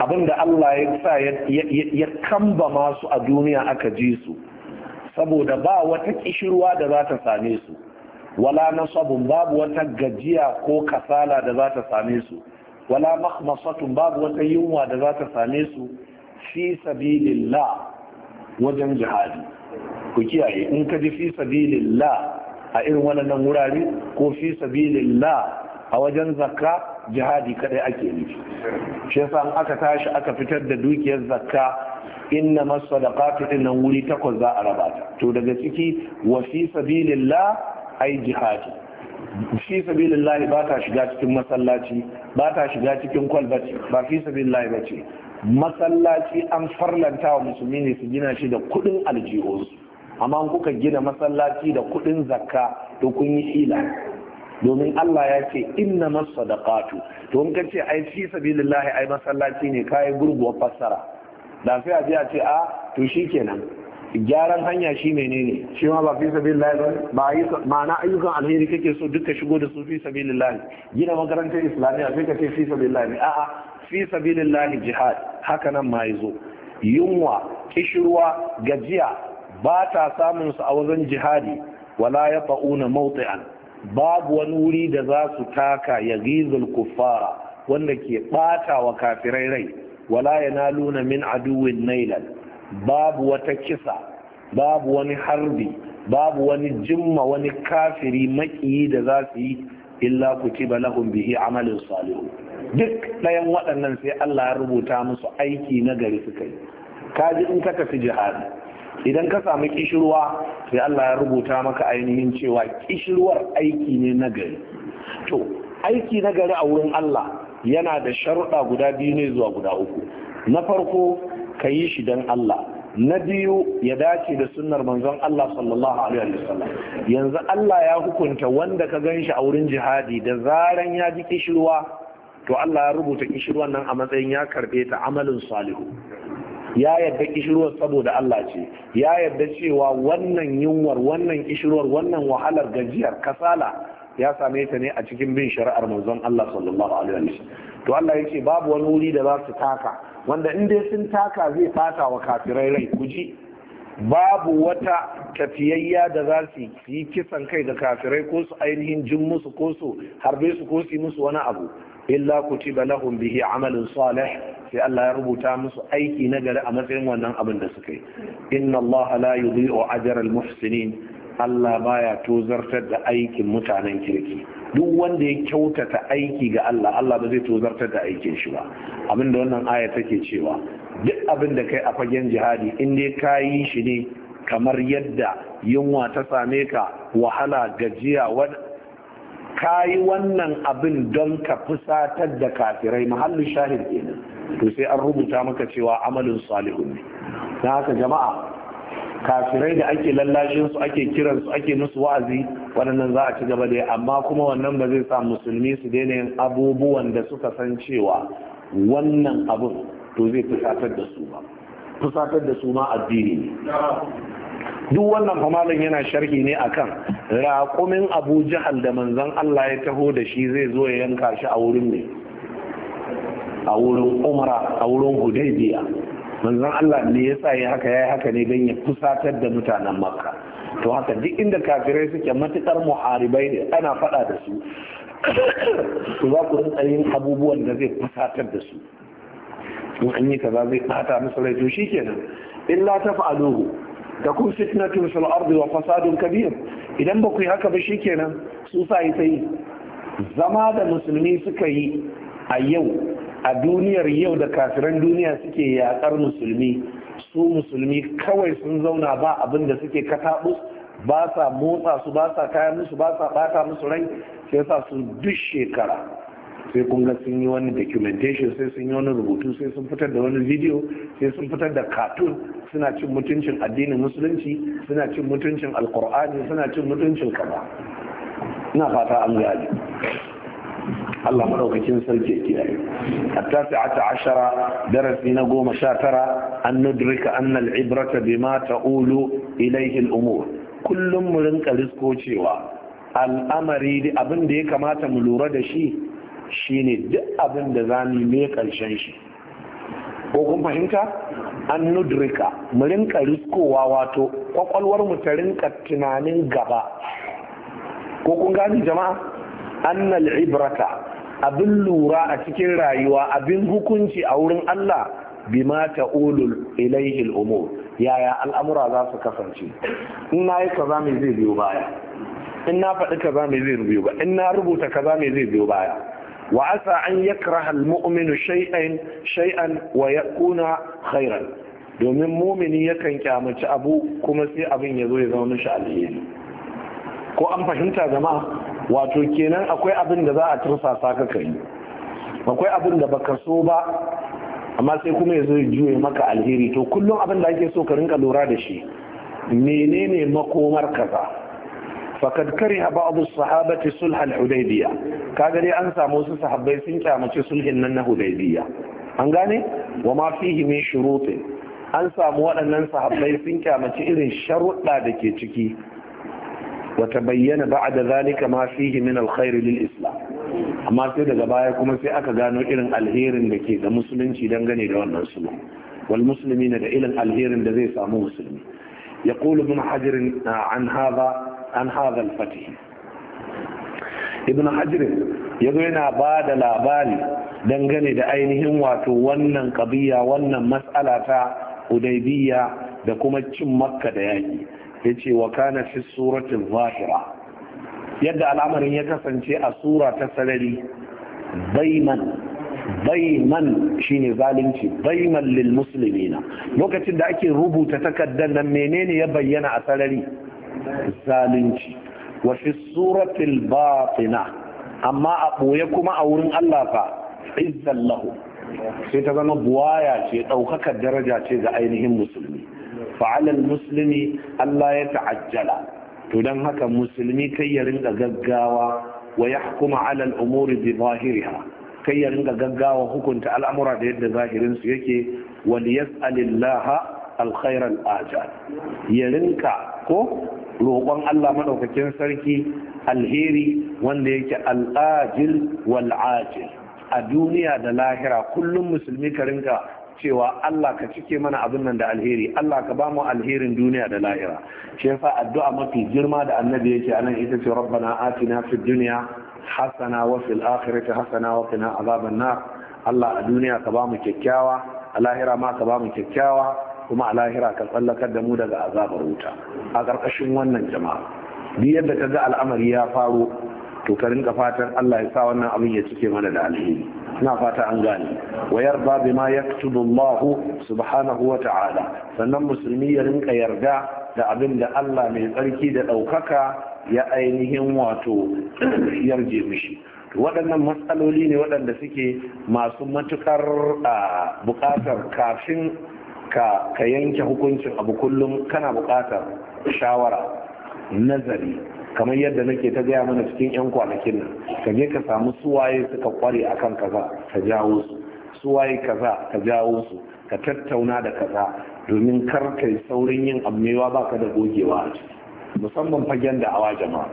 abin da Allah ya sa ya kamba masu a duniya aka ji su saboda ba wata kishirwa da za ta same su wala nasabun babu wata gajiya ko kasala da za ta same su wala makhmasatun babu wata yunwa da za ta same su fi sabilillah wajen jihadi ku kiyaye in ka ji fi sabilillah a irin wannan wurare ko fi sabilillah a wajen zakka jihadi kadai ake nufi shi yasa aka tashi aka fitar da dukiyar zakka inna masadaqatu din nan wuri takwas za a raba ta to daga ciki wa fi sabilillah ai jihadi fi sabilillah ba ta shiga cikin masallaci ba ta shiga cikin kwalbati ba fi sabilillah ba ce masallaci an farlanta wa musulmi ne su gina shi da kudin aljihunsu amma kuka gina masallaci da kudin zakka to kun yi ila domin Allah ya ce inna masadaqatu to in ce ai fi sabilillah ai masallaci ne kai gurguwa fassara Lafiya sai a ce a ah, to shi kenan gyaran hanya shi menene shi ma ba fi sabilillahi ba ba ma'ana ayyukan alheri kake so duka shigo da su fi sabilillahi gina makarantar islamiyya sai ka ce fi sabilillahi a'a fi sabilillahi jihad haka nan ma zo yunwa kishirwa gajiya ba ta samun su a wajen jihadi wala ya fa'una mawti'an babu wani wuri da za su taka ya kuffara wanda ke bata wa kafirai rai wala luna min aduwin nailan babu wata kisa babu wani harbi babu wani jimma wani kafiri makiyi da za su yi illa ku kutiba lahum bihi amalin salihu duk ɗayan waɗannan sai Allah ya rubuta musu aiki na gari suka yi kaji in ka tafi jihadi idan ka sami kishirwa sai Allah ya rubuta maka ainihin cewa kishirwar aiki ne na gari to aiki na gari a wurin Allah yana da sharuɗa guda biyu ne zuwa guda uku na farko ka yi shi don Allah na biyu ya dace da sunnar manzon Allah sallallahu alaihi wasallam yanzu Allah ya hukunta wanda ka gan shi a wurin jihadi da zaran ya ji kishirwa to Allah ya rubuta kishirwan nan a matsayin ya karbe ta amalin salihu ya yadda kishirwar saboda Allah ce ya yadda cewa wannan yunwar wannan kishirwar wannan wahalar gajiyar kasala ya same ta ne a cikin bin shari'ar manzon Allah sallallahu alaihi wasallam to Allah yake babu wani wuri da za su taka wanda in dai sun taka zai fata wa kafirai rai kuji babu wata tafiyayya da za su yi kisan kai da kafirai ko su ainihin jin musu ko su harbe su ko su musu wani abu illa kutiba lahum bihi amalin salih sai Allah ya rubuta musu aiki na gari a matsayin wannan abin da suka yi inna Allah la yudhi'u ajra al-muhsinin Allah baya tozartar da aikin mutanen kirki duk wanda ya kyautata aiki ga Allah Allah ba zai tozartar da aikin shi ba abinda wannan aya take cewa duk abin da kai a fagen jihadi in dai ka yi shi ne kamar yadda yunwa ta same ka wahala gajiya ka yi wannan abin don ka fusatar da kafirai mahallin shahid kenan to sai an rubuta maka cewa amalin salihun ne na haka jama'a kafirai da ake lallashin su ake kiran su ake musu wa'azi waɗannan za a ci gaba da amma kuma wannan ba zai sa musulmi su daina yin abubuwan da suka san cewa wannan abun to zai fusatar da su ba fusatar da su ma addini ne duk wannan famalin yana sharhi ne akan raƙumin abu jahal da manzon Allah ya taho da shi zai zo ya yanka shi a wurin ne a wurin umara a wurin hudaybiya manzon Allah ne ya sa ya haka ya haka ne don ya fusatar da mutanen makka to haka duk inda kafirai suke matukar muharibai ne ana faɗa da su su za ku rinka yin abubuwan da zai fusatar da su in an yi kaza zai ɓata musu rai to shikenan illa taf'aluhu da kun fitnatun fil ardi wa fasadun kabir idan ba ku yi haka ba shikenan su sa yi ta yi zama da musulmi suka yi a yau a duniyar yau da kafiran duniya suke yaƙar musulmi su musulmi kawai sun zauna ba abin da suke kataɓu ba sa motsa su ba sa kaya musu ba sa ɓata musu rai sai sa su duk shekara sai kun ga sun yi wani documentation sai sun yi wani rubutu sai sun fitar da wani video sai sun fitar da cartoon suna cin mutuncin addinin musulunci suna cin mutuncin alkur'ani suna cin mutuncin kaza ina fata an gaji Allah madaukakin sarki kiyaye A ta ashara darasi na goma sha tara an nudrika anna al-ibrata ma ta'ulu ilayhi umur kullum mu rinka risko cewa al'amari abin da ya kamata mu lura da shi shine duk abin da za mu ne ƙarshen shi ko kun fahimta an nudrika mu rinka riskowa wato kwakwalwar mu ta rinka tunanin gaba ko kun gani jama'a annal ibrata abin lura a cikin rayuwa abin hukunci a wurin Allah bima ulul ilaihil umur yaya al'amura za su kasance in na yi kaza me zai biyo baya in na faɗi kaza me zai biyo baya in na rubuta kaza me zai biyo baya wa asa an yakraha muminu shay'an shay'an wa yakuna khairan domin mumini yakan kyamaci abu kuma sai abin ya zo ya zama mishi alheri ko an fahimta jama'a wato kenan akwai abin da za a tursasa ka kai akwai abin da baka so ba amma sai kuma ya zo juye maka alheri to kullum abin da ake so ka rinka lura da shi menene makomar kaza fakad kare ba'd as-sahabati sulh al Ka kaga an samu wasu sahabbai sun kyamace sulhin nan na Hudaibiya? an gane wa ma fihi min shurutin an samu waɗannan sahabbai sun kyamace irin sharuɗa da ke ciki وتبين بعد ذلك ما فيه من الخير islam amma sai daga baya kuma sai aka gano irin alherin da ke da musulunci dangane da wannan suna wal musulmi da irin alherin da zai samu musulmi ya kulu bin hajirin an haza alfatih ibn hajirin ya zo yana ba da labari dangane da ainihin wato wannan kabiya wannan matsala ta hudaybiya da kuma cin makka da yaƙi yace wa kana fi suratin zahira yadda al'amarin ya kasance a sura ta sarari baiman baiman shine zalunci baiman lil muslimina lokacin da ake rubuta takardar nan menene ya bayyana a sarari zalunci wa fi suratil batina amma a ɓoye kuma a wurin Allah fa izzan lahu sai ta zama buwaya ce ɗaukakar daraja ce ga ainihin musulmi fa'alal musulmi Allah ya ta'ajjala to don haka musulmi kai ya gaggawa wa yahkuma ala al-umuri bi zahiriha kai ya gaggawa hukunta al'amura da yadda zahirin su yake wal yas'alillaha alkhairar ajal yarinka rinka ko roƙon Allah maɗaukakin sarki alheri wanda yake al'ajil wal'ajil a duniya da lahira kullum musulmi ka rinka cewa Allah ka cike mana abin nan da alheri Allah ka ba mu alherin duniya da lahira shi yasa addu'a mafi girma da annabi yake anan ita ce rabbana atina fid dunya hasana wa fil akhirati hasana wa qina azaban nar Allah a duniya ka ba mu kyakkyawa a lahira ma ka ba mu kyakkyawa kuma a lahira ka tsallakar da mu daga azabar wuta a ƙarƙashin wannan jama'a duk yadda ka ga al'amari ya faru to ka rinka fatan Allah ya sa wannan abin ya cike mana da alheri ina fata an gane wa yarda bima yaktubu Allah subhanahu wa ta'ala sannan musulmi ya rinka yarda da abin da Allah mai tsarki da ɗaukaka ya ainihin wato yarje mishi waɗannan matsaloli ne waɗanda suke masu matukar buƙatar kafin ka yanke hukuncin abu kullum kana buƙatar shawara nazari kamar yadda nake ta gaya mana cikin 'yan kwanakin nan ka je ka samu suwaye suka kware akan kaza ka jawo su suwaye kaza ka jawo su ka tattauna da kaza domin kar ka yi saurin yin ammewa ka da gogewa a ciki musamman fagen da awa jama'a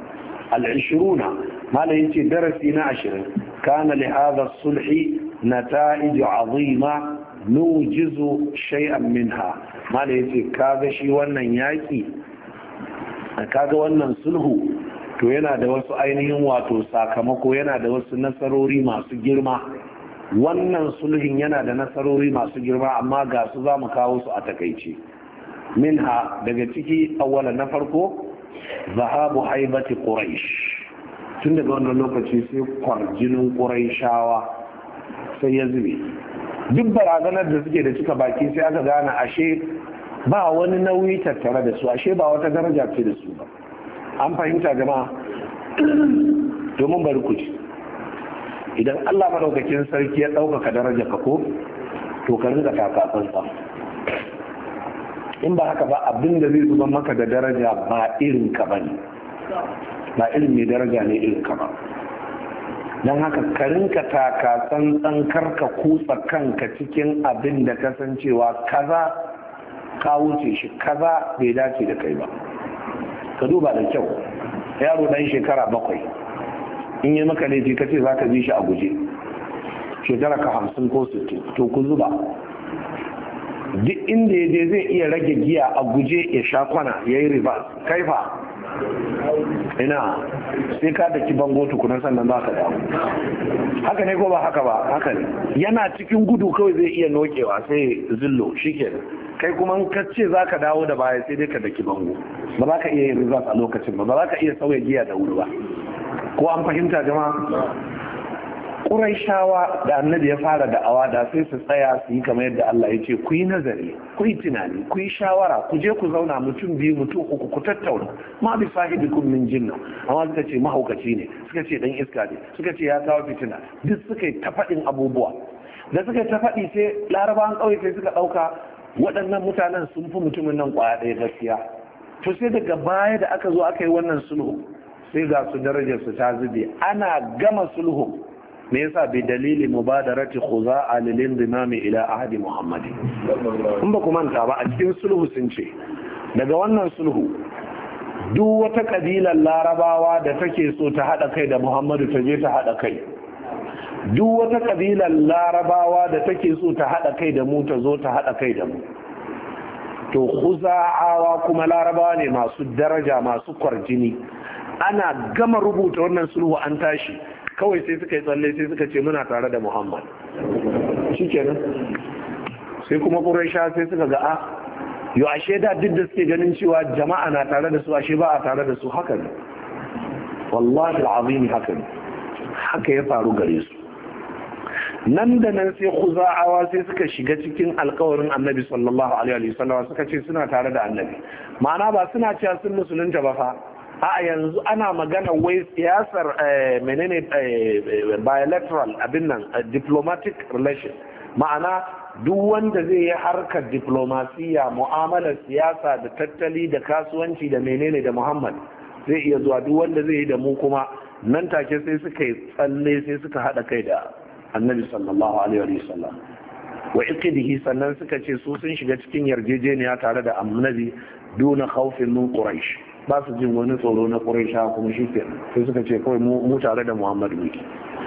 al-ishiruna mala ce darasi na ashirin kana li hadha sulhi nata'ij azima nujizu shay'an minha mala ka ga shi wannan yaki kaga wannan sulhu to yana da wasu ainihin wato sakamako yana da wasu nasarori masu girma wannan sulhin yana da nasarori masu girma amma ga su za mu kawo su a takaici minha daga ciki awwala na farko zahabu haibati quraish tun daga wannan lokaci sai kwarjinin quraishawa sai ya zube duk barazanar da suke da cika baki sai aka gane ashe ba wani nauyi tattare da su ashe ba wata daraja ce da su ba an fahimta jama'a domin *clears throat* bari ku ci idan Allah madaukakin sarki ya ɗaukaka daraja ka ko to ka rinka takatsan sa in ba haka ba abin da zai zuba maka da daraja ba irin ka ba ne ba irin mai daraja ne irin ka ba don haka ka rinka taka tsantsan karka kutsa kanka cikin abin da kasancewa kaza wuce shi kaza bai dace da kai ba ka duba da kyau yaro dan shekara bakwai in yi maka laifi ka ce za ka bi shi a guje shekara ka hamsin ko sittin to ku zuba duk inda ya je zai iya rage giya a guje ya sha kwana ya yi riba kaifa ina sai ka daki bango tukunan sannan za ka dawo haka ne ko ba haka ba haka ne yana cikin gudu kawai zai iya nokewa sai zillo shikenan kai kuma ka ce za ka dawo da baya sai dai ka daki bango ba za ka iya yin rizas a lokacin ba ba za ka iya sauya giya da wuri ba ko an fahimta jama'a ƙuraishawa da annabi ya fara da'awa da sai su tsaya su yi kamar yadda Allah ya ce ku yi nazari ku yi tunani ku yi shawara ku je ku zauna mutum biyu mutum uku ku tattauna ma bi kun min jinna amma suka ce mahaukaci ne suka ce dan iska ne suka ce ya kawo fitina duk suka yi ta faɗin abubuwa da suka ta faɗi sai larabawan ƙauye sai suka ɗauka waɗannan mutanen sun fi mutumin nan ƙwaya ɗaya gaskiya to sai daga baya da aka zo aka yi wannan sulhu sai ga su darajar su ta zube ana gama sulhu me yasa bi dalili mubadarati khuza alilin dinami ila ahadi muhammad in ba ku manta ba a cikin sulhu sun ce daga wannan sulhu duk wata kabilar larabawa da take so ta hada kai da muhammadu ta je ta hada kai duk wata kabilar larabawa da take so ta hada kai da mu ta zo ta hada kai da mu to khuza'awa kuma larabawa ne masu daraja masu kwarjini ana gama rubuta wannan sulhu an tashi kawai sai suka yi tsalle sai suka ce muna tare da muhammad Shi nan. sai kuma ƙuraisha sai suka ga a yau a da duk da suke ganin cewa jama'a na tare da su ashe ba a tare da su haka ne wallahi al'azim haka ne haka ya faru gare su nan da nan sai khuza'awa sai suka shiga cikin alkawarin annabi sallallahu alaihi wa sallam suka ce suna tare da annabi ma'ana ba suna cewa sun musulunta ba fa a yanzu ana magana wai siyasar eh, menene eh, bilateral abin nan eh, diplomatic relation ma'ana duk wanda zai yi harkar diplomasiya mu'amalar siyasa da tattali da kasuwanci da menene da muhammad zai iya zuwa duk wanda zai yi da mu kuma nan take sai suka yi tsalle sai suka haɗa kai da annabi sallallahu alaihi wa sallam wa iqdihi sannan suka ce su sun shiga cikin yarjejeniya tare da annabi duna khawfin min quraish ba su jin wani tsoro na ƙuraisha kuma shi ke sai suka ce kawai mu tare da muhammadu yake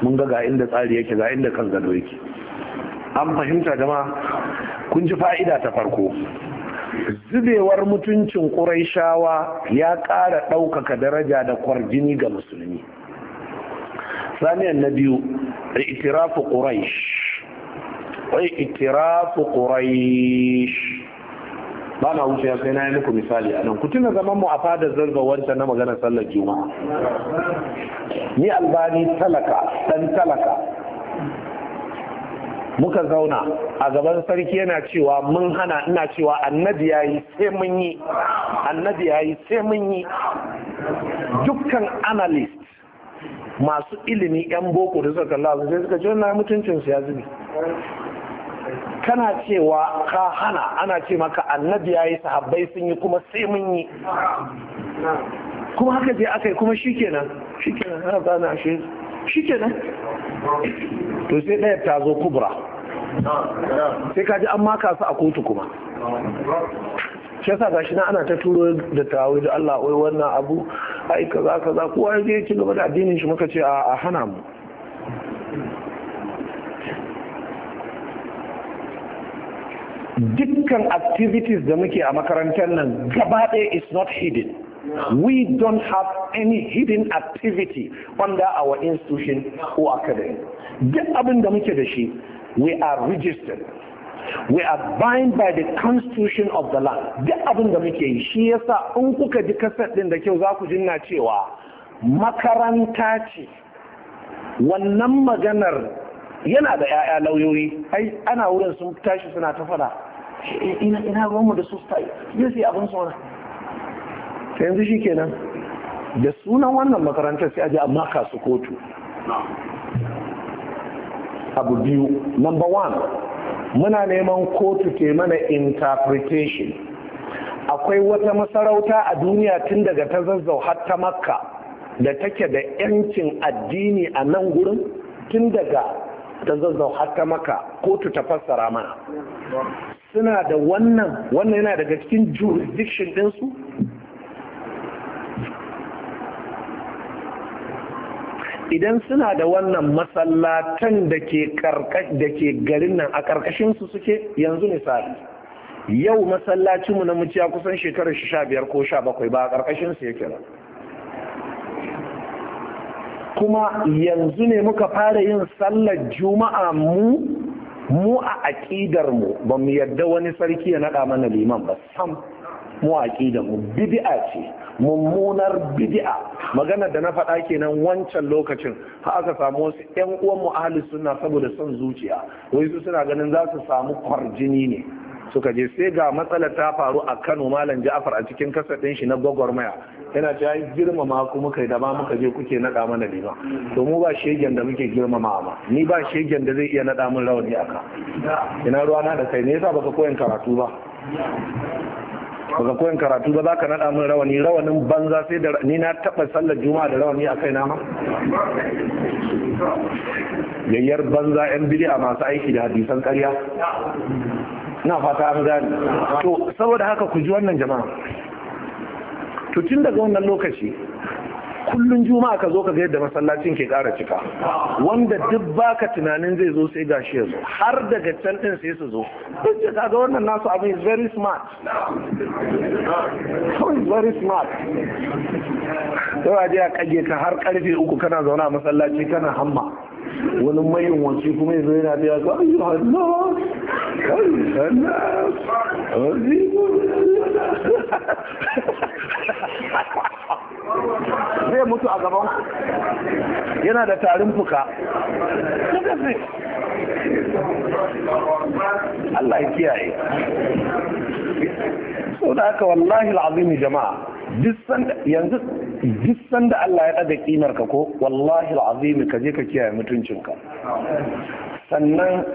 mun ga ga inda tsari yake ga inda kan gado yake an fahimta jama kun ji fa'ida ta farko zubewar mutuncin ƙuraishawa ya ƙara ɗaukaka daraja da kwarjini ga musulmi saniyan na biyu itirafu ƙuraish wai itirafu ƙuraish ba na wuce ya sai na yi muku misali a nan ku tuna zaman mu a fadar zarba wancan na maganar sallar juma'a ni albani talaka dan talaka muka zauna a gaban sarki yana cewa mun hana ina cewa annabi ya yi sai mun yi annabi ya yi sai mun yi dukkan analyst masu ilimi yan boko da suka kalla sai suka ce wannan mutuncin su ya zubi kana cewa ka hana ana ce maka annabi ya yi sahabbai sun yi kuma sai mun yi kuma haka je aka yi kuma shikenan shikenan ana zana shi shikenan to sai ɗaya ta zo kubra sai ka ji an maka su a kotu kuma shi sa gashi na ana ta turo da tawo da Allah wai wannan abu ai kaza kaza kowa ya je ci gaba da addinin shi muka ce a hana mu dukkan activities da muke a makarantar nan gaba ɗaya is not hidden we don't have any hidden activity under our institution or academy duk abin da muke da shi we are registered we are bind by the constitution of the land duk abin da muke yi shi yasa in kuka ji kasar ɗin da kyau za ku jinna cewa makaranta ce wannan maganar yana da 'ya'ya lauyoyi ai ana wurin sun tashi suna ta fada ina ina mu da su sai yi sai abin sona sai yanzu shi kenan da sunan wannan makarantar sai aje amma kasu kotu abu biyu number one muna neman kotu ke mana interpretation akwai wata masarauta a duniya tun daga ta zazzau har ta makka da take da 'yancin addini a nan gurin tun daga ta zazzau haka maka kotu ta fassara mana suna da wannan wannan yana daga cikin jurisdiction ɗinsu idan suna da wannan masallatan da ke garin nan a ƙarƙashinsu suke yanzu misali yau masallacinmu na muciya kusan shekarar 15 ko 17 ba a su yake ba kuma yanzu ne muka fara yin sallar juma'a mu mu a aƙidar mu ba mu yadda wani sarki ya naɗa mana liman ba sam mu a aƙidar mu bid'a ce mummunar bid'a magana da na faɗa kenan wancan lokacin ha aka samu wasu ƴan uwan mu suna saboda son zuciya wai su suna ganin za su samu kwarjini ne suka je sai ga matsala ta faru a Kano Malam Ja'far a cikin kasafin shi na gwagwarmaya yana ta yi girmama ku muka da ba muka je kuke naɗa mana lima to mu ba shegen da muke girmama ma ni ba shegen da zai iya naɗa min rawani aka ina ruwa na da kai ne yasa baka koyan karatu ba baka koyan karatu ba zaka naɗa min rawani rawanin banza sai da ni na taɓa sallar juma'a da rawani a kai na ma yayyar banza yan a masu aiki da hadisan ƙarya na fata an gane to saboda haka ku ji wannan jama'a to tun daga wannan lokaci kullun juma'a ka zo ka ga yadda masallacin ke ƙara cika wanda duk baka tunanin zai zo sai gashi ya har daga can din sai su zo duk da kaga wannan nasu abin is very smart so is very smart sai a je a kage har karfe uku kana zauna a masallaci kana hamma wani mayin wance kuma yanzu yana biya ga ayyuhan nas ayyuhan nas azizun zai mutu a gaban yana da tarin fuka Allah ya kiyaye sau da aka wallahi al'azimi jama'a yanzu duk sanda Allah ya ɗaga ƙimar ka ko wallahi azim ka je ka kiyaye mutuncinka sannan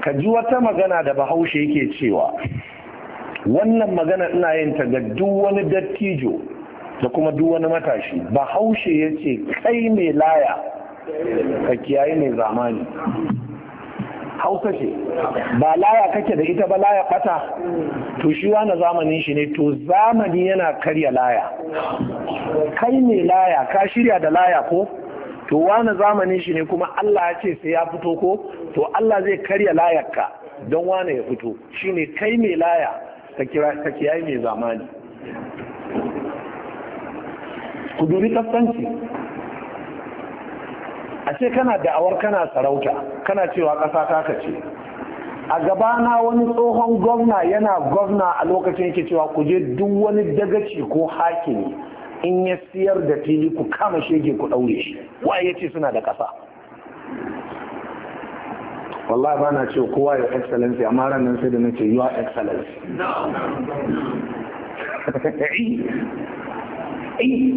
ka ji wata magana da bahaushe yake cewa wannan magana ina yin ta ga duk wani dattijo da kuma duk wani matashi bahaushe ya ce kai mai laya ka kiyaye mai zamani hausa ce ba laya kake da ita ba laya bata to shi wani zamanin shi ne to zamani yana karya laya kai ne laya ka shirya da laya ko to wani zamanin shi ne kuma Allah ya ce sai ya fito ko to Allah zai karya layarka don wani ya fito Shi ne kai mai laya ka kiyaye mai zamani ku dubi kasance ashe kana da'awar kana sarauta kana cewa ƙasa ta ce a gabana wani tsohon gwamna yana gwamna a lokacin yake cewa ku je duk wani dagaci ko hakimi in ya siyar da fili ku kama shege ku ɗaure shi wa ya ce suna da ƙasa wallahi ba na ce kowa ya excellency amma ranar sai da na ce your excellency no. *laughs* Eh. Eh.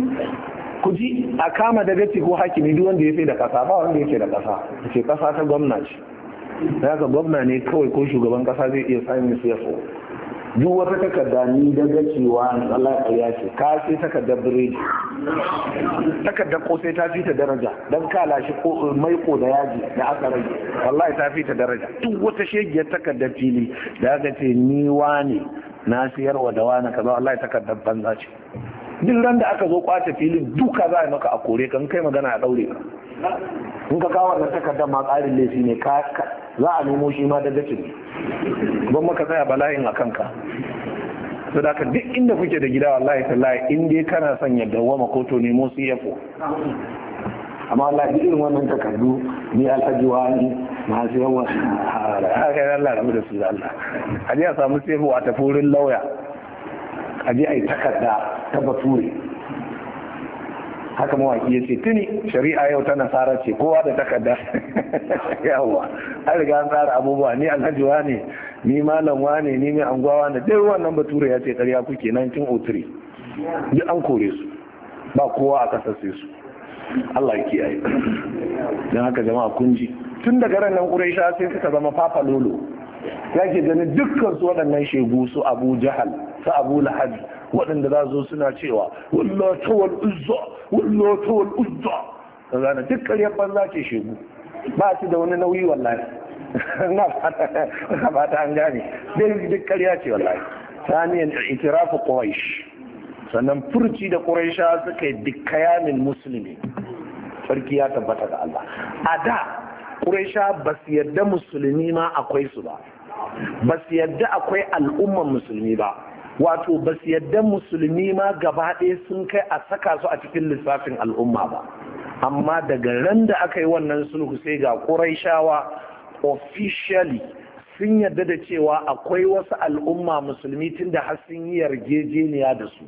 ku ji a kama da gaci ko hakimi duk wanda ya sai da kasa ba wanda ya ke da kasa ce kasa ta gwamna ce da ka gwamna ne kawai ko shugaban kasa zai iya samun su ya so duk wata takarda ni daga cewa Allah ya ce ka ce takardar biredi takardar sai ta fi ta daraja don ka lashe ko ko da yaji da aka rage wallahi ta fi ta daraja duk wata shegiyar takardar fili da aka ce ni ne na siyarwa da wani kaza wallahi takardar banza ce duk ran da aka zo kwace filin duka za a maka a kore kan kai magana a daure ka in ka kawo wannan takardar ma ƙarin laifi ne ka za a nemo shi ma da dacin don maka tsaya bala'in a kanka to da duk inda kuke da gida wallahi tallahi in dai kana son ya dawwama ko to nemo CFO amma Allah duk irin wannan takardu ni alhaji wani masu yawan *laughs* haka Allah rabu da su da Allah a samu CFO a tafurin lauya a je a yi takarda ta bature haka mawaki ya ce tuni shari'a yau ta nasara ce kowa da takarda *laughs* yawa an riga an tsara abubuwa ni alhaji ne ni malam ne ni mai anguwa ne dai wannan bature ya ce karya kuke 1903 duk an kore su ba kowa a kasar sai su Allah ya kiyaye don haka jama'a kun ji tun daga ranar ƙuraisha sai suka zama papa lolo ya ke ganin dukkan su waɗannan shegu su abu jahal ta abu lahabi waɗanda za zo suna cewa wallata wal uzza wallata wal uzza ka gane duk ƙaryar banza ce shegu ba su da wani nauyi wallahi *laughs* na fata an gane duk ƙarya ce wallahi saniyan itirafu quraish sannan furci da quraisha suka yi dukkayanin musulmi sarki ya tabbata ga Allah a da quraisha ba su yarda musulmi ma akwai su ba ba su yarda akwai al'ummar musulmi ba wato ba su yadda musulmi ma gaba ɗaya sun kai a saka su a cikin lissafin al'umma ba amma daga ran da aka yi wannan sulhu sai ga ƙuraishawa officially sun yadda da cewa akwai wasu al'umma musulmi tun da har sun yi yarjejeniya da su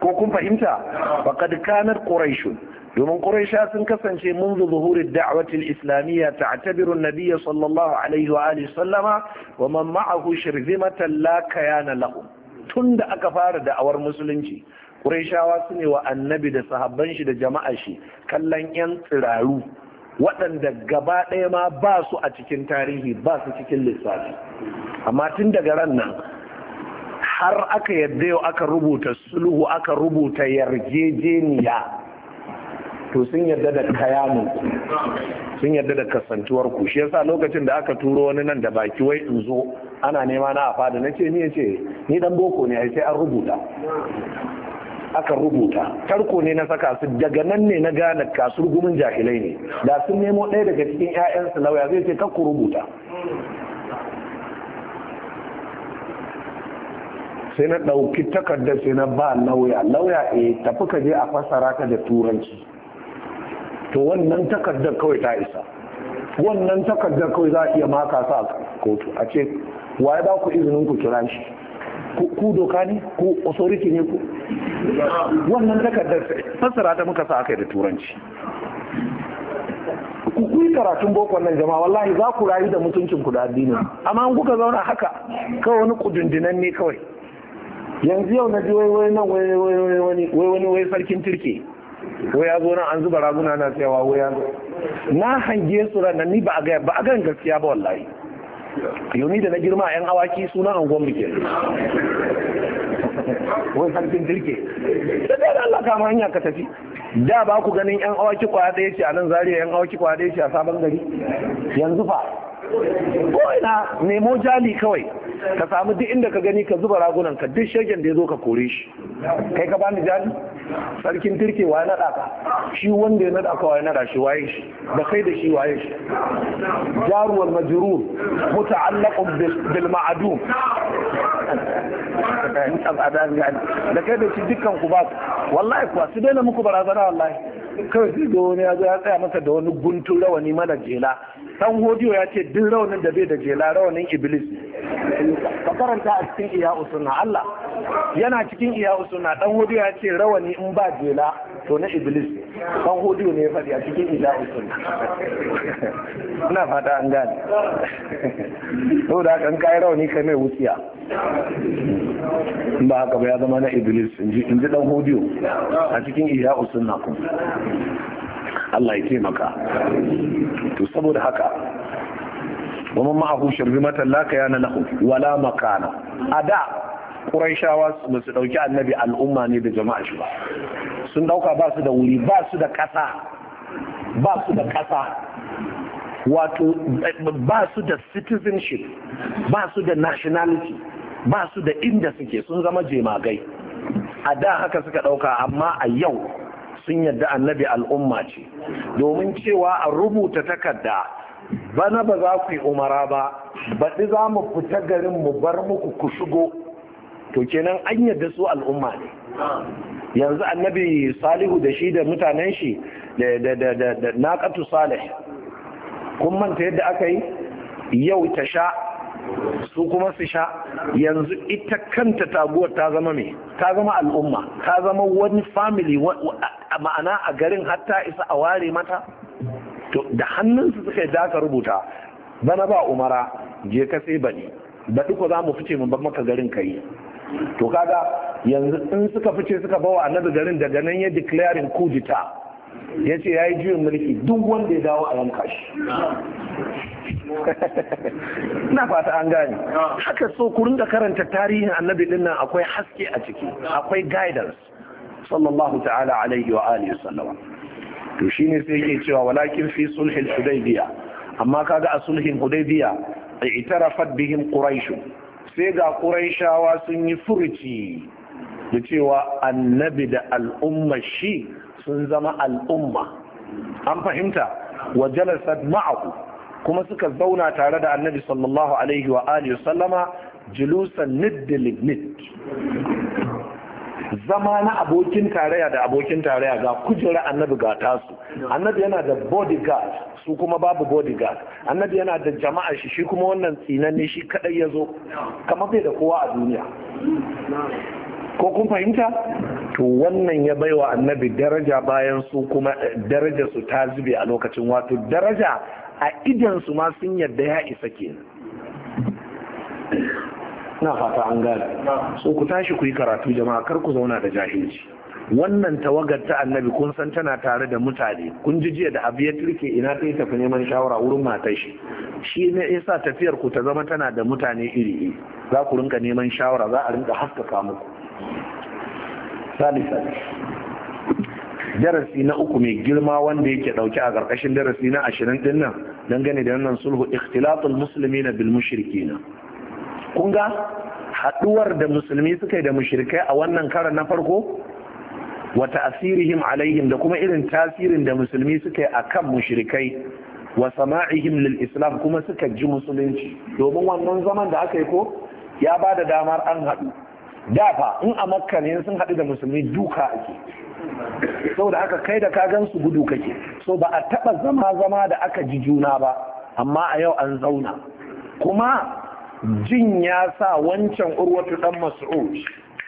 ko kun fahimta ba faqad kanat quraishun domin quraisha sun kasance منذ ظهور islamiyya الإسلامية تعتبر النبي صلى الله عليه وآله وسلم ومن معه شرذمة لا كيان لهم tun da aka fara da'awar musulunci ƙuraishawa su ne wa annabi da sahabban shi da jama'a shi kallon 'yan tsiraru waɗanda gaba ɗaya ma ba su a cikin tarihi ba su cikin lissafi amma tun daga ran nan har aka yadda yau aka rubuta sulhu aka rubuta yarjejeniya to sun yarda da kayanu sun yarda da kasantuwar ku shi yasa lokacin da aka turo wani nan da baki wai in zo ana nema na a na ce ni ya ce ni dan boko ne ai sai an rubuta aka rubuta tarko ne na saka su daga nan ne na gane kasur gumin jahilai ne da sun nemo ɗaya daga cikin 'ya'yansu lauya zai ce kakku rubuta sai na ɗauki takardar sai na ba lauya lauya e tafi ka je a fasara ka da turanci to wannan takardar kawai ta isa wannan takardar kawai za a iya maka sa kotu a ce waye ba ku izinin ku kira shi ku doka ne ku authority ne ku wannan takardar fassara ta muka sa aka da turanci ku kuyi karatun boko nan jama'a wallahi za ku rayu da mutuncin ku da addinin amma in kuka zauna haka kawai wani kudundunan ne kawai yanzu yau na ji wai wani wai wani wai sarkin turke ko ya zo nan an zuba raguna na cewa ko ya zo na hange su ran ni ba a ga ba a ga gaskiya ba wallahi yomi da na girma yan awaki suna angon ke. kenan wai sarkin dirke sai da Allah ka ma hanya ka tafi da ba ku ganin yan awaki kwa da ce a nan zariya yan awaki kwa da ce a sabon gari yanzu fa ko ina nemo jali kawai ka samu duk inda ka gani ka zuba ragunan ka duk shagen da ya zo ka kore shi kai ka bani jali sarkin turke wa na naɗa shi wanda ya na ka wa ya naɗa shi waye shi da kai da shi waye shi jaruwar majrur muta'allaqun bil ma'dum da kai da shi dukkan ku ba wallahi kuwa su daina muku barazana wallahi kawai sai da wani ya zo ya tsaya masa da wani guntun rawani mana jela dan hodiyo ya ce duk raunin da bai da jela raunin iblis ka karanta a cikin iya usuna Allah yana cikin iya usuna dan hodiyo ya ce rawani in ba jela to na iblis dan hodiyo ne ya faɗi a cikin iya usuna *laughs* ina fata an gane to *laughs* da kan kai rauni kai mai wuciya ba haka ba ya zama na iblis in ji dan hodiyo a cikin iya usuna kuma Allah ya taimaka to saboda haka wa man ma'ahu shirmatan la yana lahu wala makana ada quraishawa ba su dauki annabi al'umma ne da jama'a shi ba sun dauka ba su da wuri ba su da kasa ba su da kasa wato ba su da citizenship ba su da nationality ba su da inda suke sun zama jemagai a da haka suka dauka amma a yau sun yadda annabi al'umma ce domin cewa a rubuta takarda bana ba za ku yi umara ba baɗi za mu fita garin mu bar muku ku shigo to kenan an yadda su al'umma ne yanzu annabi salihu da shi da mutanen shi da naƙatu salih kun manta yadda aka yi yau ta sha su kuma su sha yanzu ita kanta taguwar ta zama mai, ta zama al'umma ta zama wani family ma'ana a garin hatta isa a ware mata da hannunsu suka yi daka rubuta bana ba umara je ka sai baɗi da ko za mu fice mu bar maka garin kai to kaga yanzu in suka fice suka bawa annabi garin daga nan ya declaring d'etat ya ce ya yi juyin mulki duk wanda ya dawo a yanka shi na fata an gane haka so ku da karanta tarihin annabi din akwai haske a ciki akwai guidance sallallahu ta'ala alaihi wa alihi sallama to shine sai yake cewa walakin fi sulhin hudaybiya amma kaga a sulhin hudaybiya i'tarafat bihim quraish sai ga quraishawa sun yi furuci da cewa annabi da al'umma shi sun zama al'umma an fahimta wa jalasar ma'aku kuma suka zauna tare da annabi sallallahu alaihi wa alihi sallama julusan niddilin nid zama na abokin tarayya da abokin tarayya ga kujera annabi ga tasu annabi yana da bodyguard su kuma babu bodyguard annabi yana da jama'a shi shi kuma wannan tsinanin shi kadai ya zo kamar bai da kowa a duniya ko kun fahimta to wannan ya baiwa annabi daraja bayan su kuma eh, daraja su ta zube a lokacin wato daraja a idan su ma sun yadda ya isa kenan na fata an gane so ku tashi ku yi karatu jama'a kar ku zauna da jahilci wannan tawagar ta annabi kun san tana tare da mutane kun ji jiya da abu ya turke ina ta yi tafi neman shawara wurin matar shi shi ne yasa tafiyar ku ta zama tana da mutane iri iri za ku rinka neman shawara za a rinka haskaka muku salisa darasi na uku mai girma wanda yake dauke a karkashin darasi na ashirin din nan dangane da wannan sulhu ikhtilatul muslimina bil mushrikina kun ga haduwar da musulmi suka yi da mushrikai a wannan karan na farko wa ta'sirihim alaihim da kuma irin tasirin da musulmi suka yi akan mushrikai wa sama'ihim lil islam kuma suka ji musulunci domin wannan zaman da aka yi ko ya ba da damar an haɗu dafa in a makka ne sun haɗu da musulmi duka ake saboda aka kai da ka gansu gudu kake so ba a taɓa zama zama da aka ji juna ba amma a yau an zauna kuma jin ya sa wancan urwatu dan mas'ud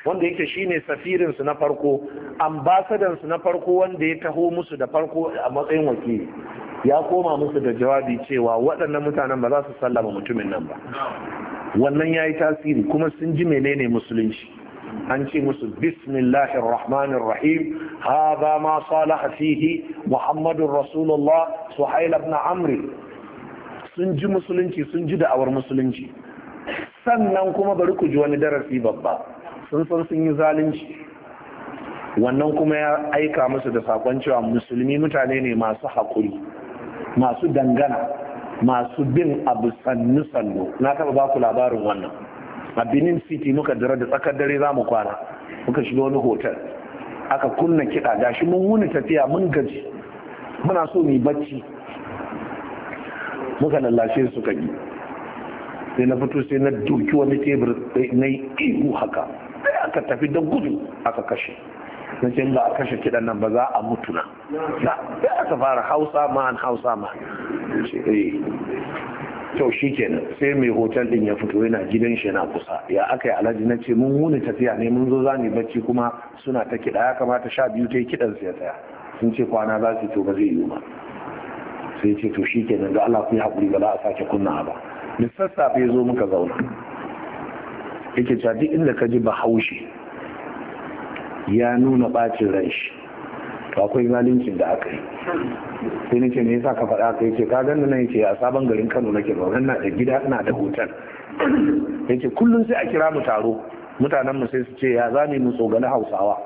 wanda yake shine safirin su na farko ambasadan su na farko wanda ya taho musu da farko a matsayin wakili ya koma musu da jawabi cewa waɗannan mutanen ba za su sallama mutumin nan ba wannan ya yi tasiri kuma sun ji menene musulunci an ce musu bismillahir rahmanir rahim hadha ma salaha fihi muhammadur rasulullah suhail ibn amr sun ji musulunci sun ji da'awar musulunci sannan kuma bari ku ji wani darasi babba sun san sun yi zalunci wannan kuma ya aika musu da sakon cewa musulmi mutane ne masu haƙuri masu dangana masu bin abu sannu sannu na kama ba ku labarin wannan a benin city muka dara da tsakar dare za mu kwana muka shiga wani hotel aka kunna kiɗa shi mun wuni tafiya mun gaji muna so mu bacci muka lalace su kagi sai na fito sai na doki wani tebur na yi ihu haka sai aka tafi da gudu aka kashe sun ce ba a kashe kiɗan nan ba za a mutu na sai aka fara hausa ma an hausa ma kyau eh. shi kenan sai mai hotel din ya fito yana gidan shi yana kusa ya aka yi alhaji na ce mun wuni tafiya ne mun zo za ni bacci kuma suna ta kiɗa ya kamata sha biyu ta yi kiɗan su ya tsaya sun ce kwana za su to ba zai yiwu ba sai ce to shi kenan da Allah ku yi haƙuri ba za a sake kunna ba da sassafe zo muka zauna yake cewa duk inda ka ji bahaushe ya nuna bacin ran shi to akwai zalincin da aka yi sai nake me yasa ka faɗa ka yace ka ganna nan yace a sabon garin Kano nake ba wannan da gida ina da hotel yace kullum sai a kira mu taro mutanen mu sai su ce ya zame mu tsogani Hausawa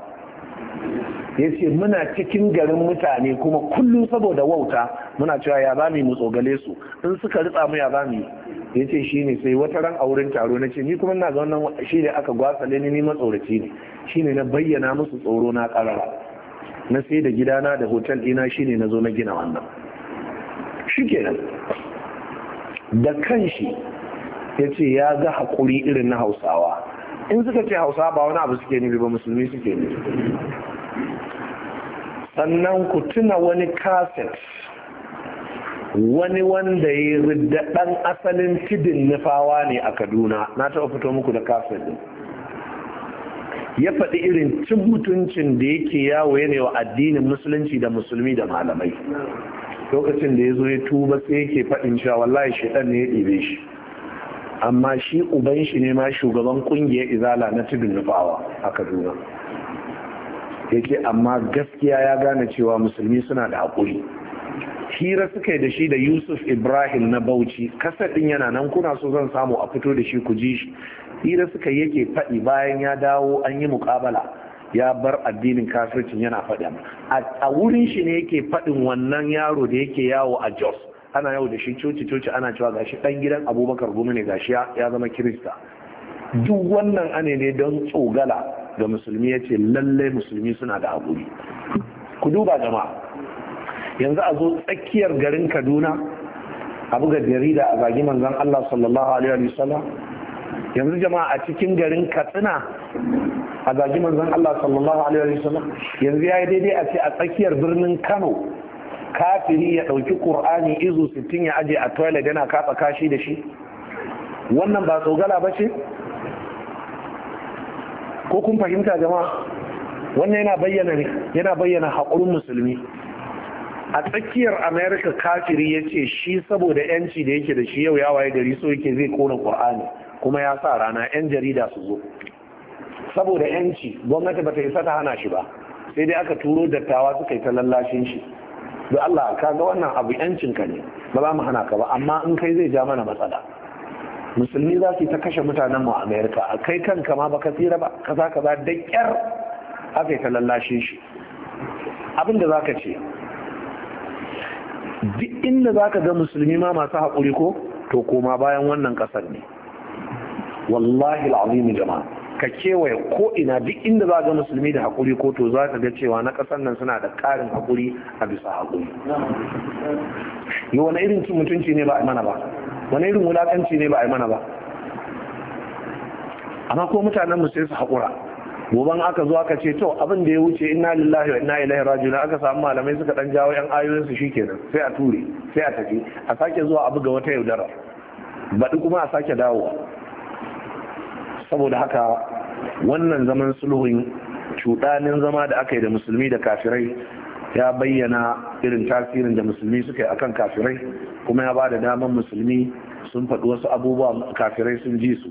ya ce muna cikin garin mutane kuma kullum saboda wauta muna cewa ya za mu tsogale su in suka ritsa mu ya za mu ya ce shi ne sai wata ran a wurin taro na ce ni kuma na zaunan shi ne aka gwasa ni ni matsoraci ne shi ne na bayyana musu tsoro na karara na sai da gidana da hotel ɗina shi ne na zo na gina wannan shi kenan da kanshi ya ce ya ga haƙuri irin na hausawa in suka ce hausa ba wani abu suke nufi ba musulmi suke nufi sannan ku tuna wani kaset wani wanda ya ridda ɗan asalin tidin nufawa ne a kaduna na taɓa fito muku da kaset din ya faɗi irin cin mutuncin da yake yawo ne wa addinin musulunci da musulmi da malamai lokacin da ya zo ya tuba sai yake faɗin cewa wallahi ɗan ne ya ɗibe shi amma shi uban shi ne ma shugaban kungiyar izala na tudun nufawa a kaduna yake amma gaskiya ya gane cewa musulmi suna da haƙuri hira suka yi da shi da yusuf ibrahim na bauchi ɗin yana nan kuna so zan samu a fito da shi ku ji shi hira suka yake faɗi bayan ya dawo an yi muƙabala ya bar addinin kafircin yana faɗi a wurin shi ne yake faɗin wannan yaro da yake yawo a jos ana yau da shi coci coci ana cewa gashi dan gidan abubakar goma ne gashi ya zama kirista duk wannan ane ne don tsogala ga musulmi ya ce lallai musulmi suna da haƙuri ku duba jama'a yanzu a zo tsakiyar garin kaduna a buga jarida a zagi manzan allah sallallahu alaihi sallam yanzu jama'a a cikin garin katsina a zagi manzan allah sallallahu alaihi sallam yanzu ya yi daidai a ce a tsakiyar birnin kano kafiri ya ɗauki ƙur'ani izo 60 ya aje a toilet yana kafa kashi da shi wannan ba tsogala ba ce ko kun fahimta jama'a wannan yana bayyana ne yana bayyana haƙurin musulmi a tsakiyar america kafiri ya ce shi saboda yanci da yake da shi yau ya waye gari so yake zai kona ƙur'ani kuma ya sa rana yan jarida su zo saboda yanci gwamnati ba ta isa ta hana shi ba sai dai aka turo dattawa suka yi ta lallashin shi da Allah ka ga wannan abu yancinka ne ba za mu hana ka ba amma in kai zai ja mana matsala musulmi za su ta kashe mutanen mu a amerika a kai kanka ma baka tsira ba ka ka kaza da kyar haka ta lallashe shi abin da ka ce duk inda za ka ga musulmi ma masu haƙuri ko to koma bayan wannan ƙasar ne wallahi al'azimi jama'a ka kewaye ko ina duk inda za ga musulmi da haƙuri ko to za ka ga cewa na ƙasar nan suna da ƙarin haƙuri a bisa haƙuri yi wani irin cin mutunci ne ba a mana ba wani irin wulaƙanci ne ba a mana ba amma ko mutanen mu sai su haƙura goban aka zo aka ce to abin da ya wuce inna lillahi wa inna ilaihi rajiun aka samu malamai suka dan jawo yan ayoyin su shikenan sai a ture sai a tafi a sake zuwa a buga wata yaudara baɗi kuma a sake dawowa saboda haka wannan zaman sulhun cuɗanin zama da aka yi da musulmi da kafirai ya bayyana irin tasirin da musulmi suka yi akan kafirai kuma ya ba da damar musulmi sun faɗi wasu abubuwa kafirai sun ji su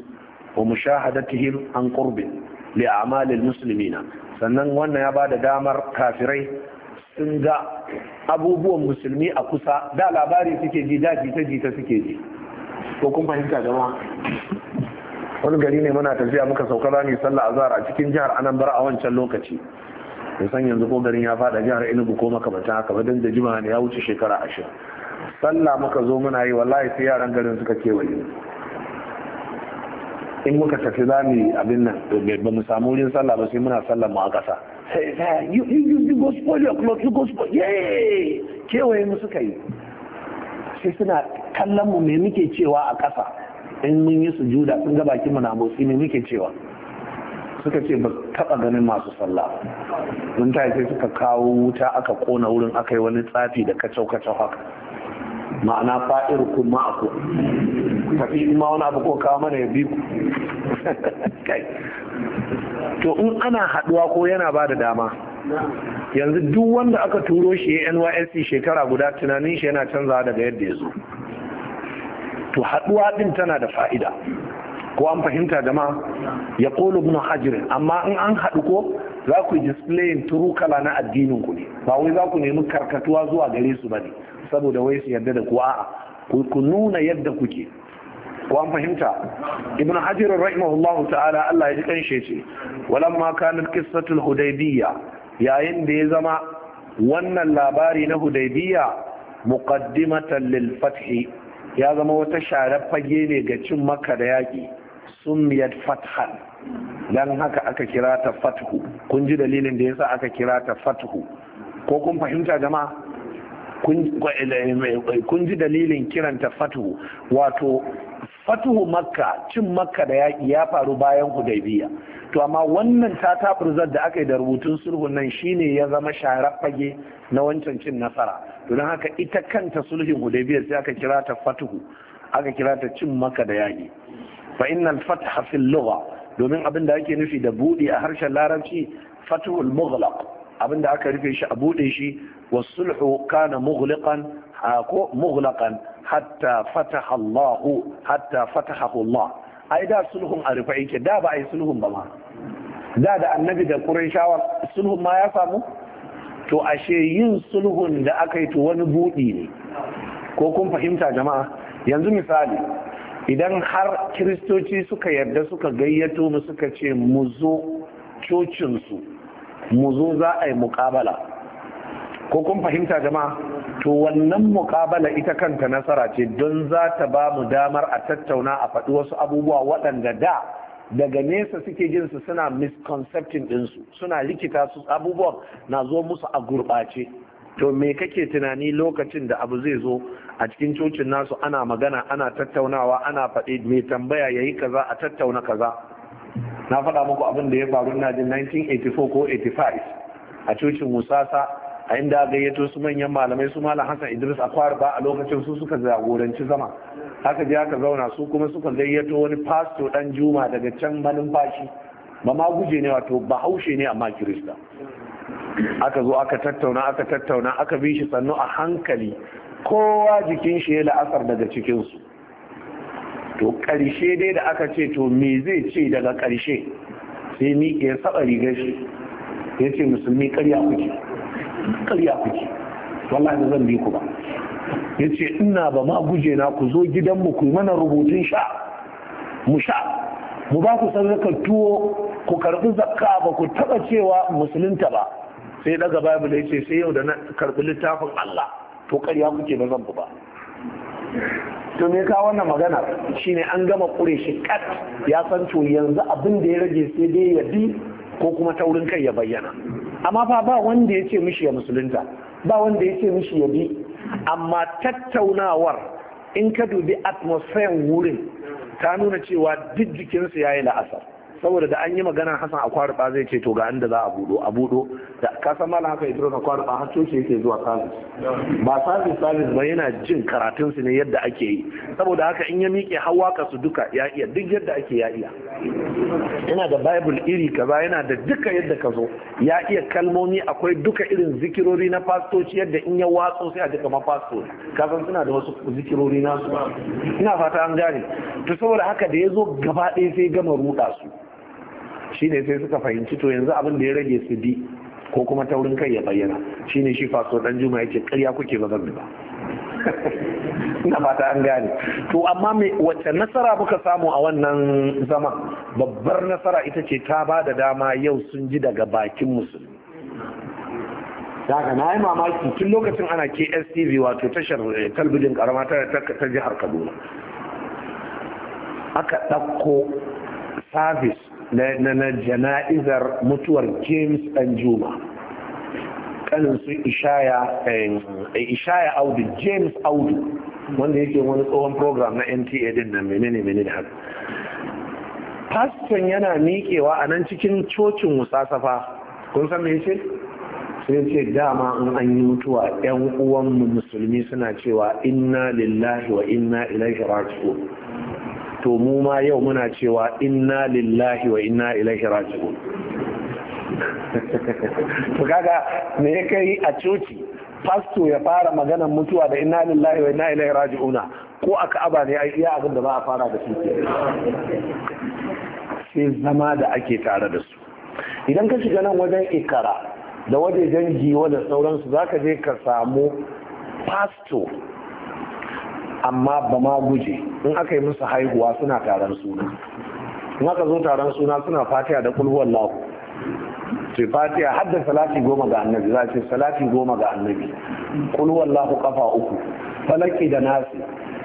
wa mushahadatihim an a li a'malil na. sannan wannan ya ba da damar kafirai sun ga abubuwan musulmi a kusa da labari suke ji da jita jita suke ji ko kun fahimta jama'a wani gari ne muna tafiya muka sauka za mu yi sallah azhar a cikin jihar Anambar a wancan lokaci ya san yanzu ko garin ya fada jihar enugu ko makamantan haka ba dan da juma ne ya wuce shekara ashirin sallah muka zo muna yi wallahi sai yaran garin suka kewaye in muka tafi za mu yi abin nan ba mu samu wurin sallah ba sai muna sallah mu a ƙasa sai kewaye mu suka yi sai suna kallon mu me muke cewa a ƙasa in mun yi sujuda in ga bakin mu ne muke cewa suka ce ba taba ganin masu sallah mun ta sai suka kawo wuta aka kona wurin aka yi wani tsafi da kacau kacau haka ma'ana fa'ir kun ku tafi in ma wani abu ko kawo mana ya bi ku *laughs* to in ana haduwa ko yana ba da dama yanzu duk wanda aka turo shi nysc shekara guda tunanin shi yana canzawa daga yadda ya zo to haduwa din tana da fa'ida ko an fahimta jama'a ya kolo bin hajirin amma in an haɗu ko za ku displayin turukala na addinin ku ne ba wai za ku nemi karkatuwa zuwa gare su ne, saboda wai su yarda da ku a'a ku nuna yadda kuke ko an fahimta ibn hajar rahimahullah ta'ala Allah ya ji kanshe ce ma kanat qissatul hudaybiyya yayin da ya zama wannan labari na hudaybiyya muqaddimatan lil fathi ya zama wata sharar fage ne ga cin maka da yaƙi sumiyat fathan don haka aka kira ta fathu kun ji dalilin da yasa aka kira ta fathu ko kun fahimta gama, kun ji dalilin kiranta fathu wato fatuhu makka cin makka da yaƙi ya faru bayan hudaybiya to amma wannan ta tafurzar da aka yi da rubutun sulhun nan shine ya zama sharar fage na wancan cin nasara to don haka ita kanta sulhin hudaybiya sai aka kira ta fatuhu aka kira ta cin makka da yaƙi fa innal fatha fil lugha domin abin da ake nufi da buɗe a harshen larabci fatuhul mughlaq abin da aka rufe shi a buɗe shi sulhu kana mughliqan ko mughlaqan hatta fataha Allah hatta fataha Allah ai da sulhun a rufe yake da ba a yi sulhun ba ma da da annabi da quraishawa sulhun ma ya samu to ashe yin sulhun da aka yi to wani buɗi ne ko kun fahimta jama'a yanzu misali idan har kiristoci suka yarda suka gayyato mu suka ce mu zo cocin su mu zo za a yi muƙabala ko kun fahimta jama'a to wannan muƙabala ita kanta nasara ce don za ta ba mu damar a tattauna a faɗi wasu abubuwa waɗanda da daga nesa suke jin su suna misconcepting ɗinsu suna likita su abubuwan na zo musu a gurɓace to me kake tunani lokacin da abu zai zo a cikin cocin nasu ana magana ana tattaunawa ana faɗi mai tambaya ya yi kaza a tattauna kaza na faɗa muku abin da ya faru na jin 1984 ko 85 a cocin musasa a inda gayyato su manyan malamai su malam hassan idris akwar ba a lokacin su suka jagoranci zama haka je aka zauna su kuma suka gayyato wani pastor dan juma daga can malumfashi ba ma guje ne wato bahaushe ne amma kirista aka zo aka tattauna aka tattauna aka bi shi sannu a hankali kowa jikin shi ya la'asar daga cikinsu to karshe dai da aka ce to me zai ce daga karshe sai miƙe ya saba rigar shi ya ce musulmi karya kuke ƙarya kuke wallahi ba zan bi ku ba ya ce ina ba ma guje na ku zo gidanmu ku yi mana rubutun sha mu sha mu ba ku sadakar tuwo ku karɓi zakka ba ku taɓa cewa musulunta ba sai daga bible ya ce sai yau da na karbi littafin allah to ƙarya kuke ba zan ba to me ka wannan magana shine an gama kure shi kat ya san to yanzu abin da ya rage sai dai ya bi ko kuma taurin kai ya bayyana amma fa ba wanda ya ce mishi ya musulunta ba wanda ya ce mishi ya bi amma tattaunawar in ka dubi atmosphere wurin ta nuna cewa duk jikinsu ya yi la'asar saboda da an yi maganar hassan a zai ce to ga inda za a budo a budo Kasan mala haka idro na kwano a hancin shi yake zuwa sabis ba sabis sabis ba yana jin karatun su ne yadda ake yi saboda haka in ya miƙe hawa ka su duka ya iya duk yadda ake ya iya yana da bible iri kaza yana da duka yadda ka zo ya iya kalmomi akwai duka irin zikirori na fastoci yadda in ya watso sai a duka ma fasto kasan suna da wasu zikirori nasu ina fata an gane to saboda haka da ya zo gaba ɗaya sai gama ruɗa su shine sai suka fahimci to yanzu abin da ya rage su bi ko kuma taurin kai ya bayyana shine shi faso dan juma yake karya kuke ba zan ba *laughs* ina fata an gane to amma me wacce nasara muka samu a wannan zaman babbar nasara ita ce ta ba da dama yau sun ji daga bakin musulmi daga na yi mamaki tun lokacin ana KSTV wato tashar eh, talbijin karama ta jihar Kaduna aka ɗauko service na jana'izar mutuwar james anjuma juma kanin su eh, eh, ishaya audu james audu wanda yake wani tsohon program na nta din na menene da haka pastor yana miƙewa a nan cikin cocin musasafa kun san me ce sai ce dama in an yi mutuwa yan uwanmu musulmi suna cewa inna lillahi wa inna ilaihi raji'un to mu ma yau muna cewa inna lillahi wa inna ilaihi raji'un *laughs* to kaga me kai a coci fasto ya fara maganar mutuwa da inna lillahi wa inna ilaihi raji'un ko aka aba ne ai iya abin da za a fara da shi sai zama da ake tare da su idan ka shiga nan wajen ikara da wajejen giwa da sauransu za ka je ka samu fasto amma ba ma guje in aka yi musu haihuwa suna taron suna in aka zo taron suna suna fatiya da kulhuwar lahu ce fatiya har da salati goma ga annabi za ce salati goma ga annabi kulhuwar lahu kafa uku falaki da nasi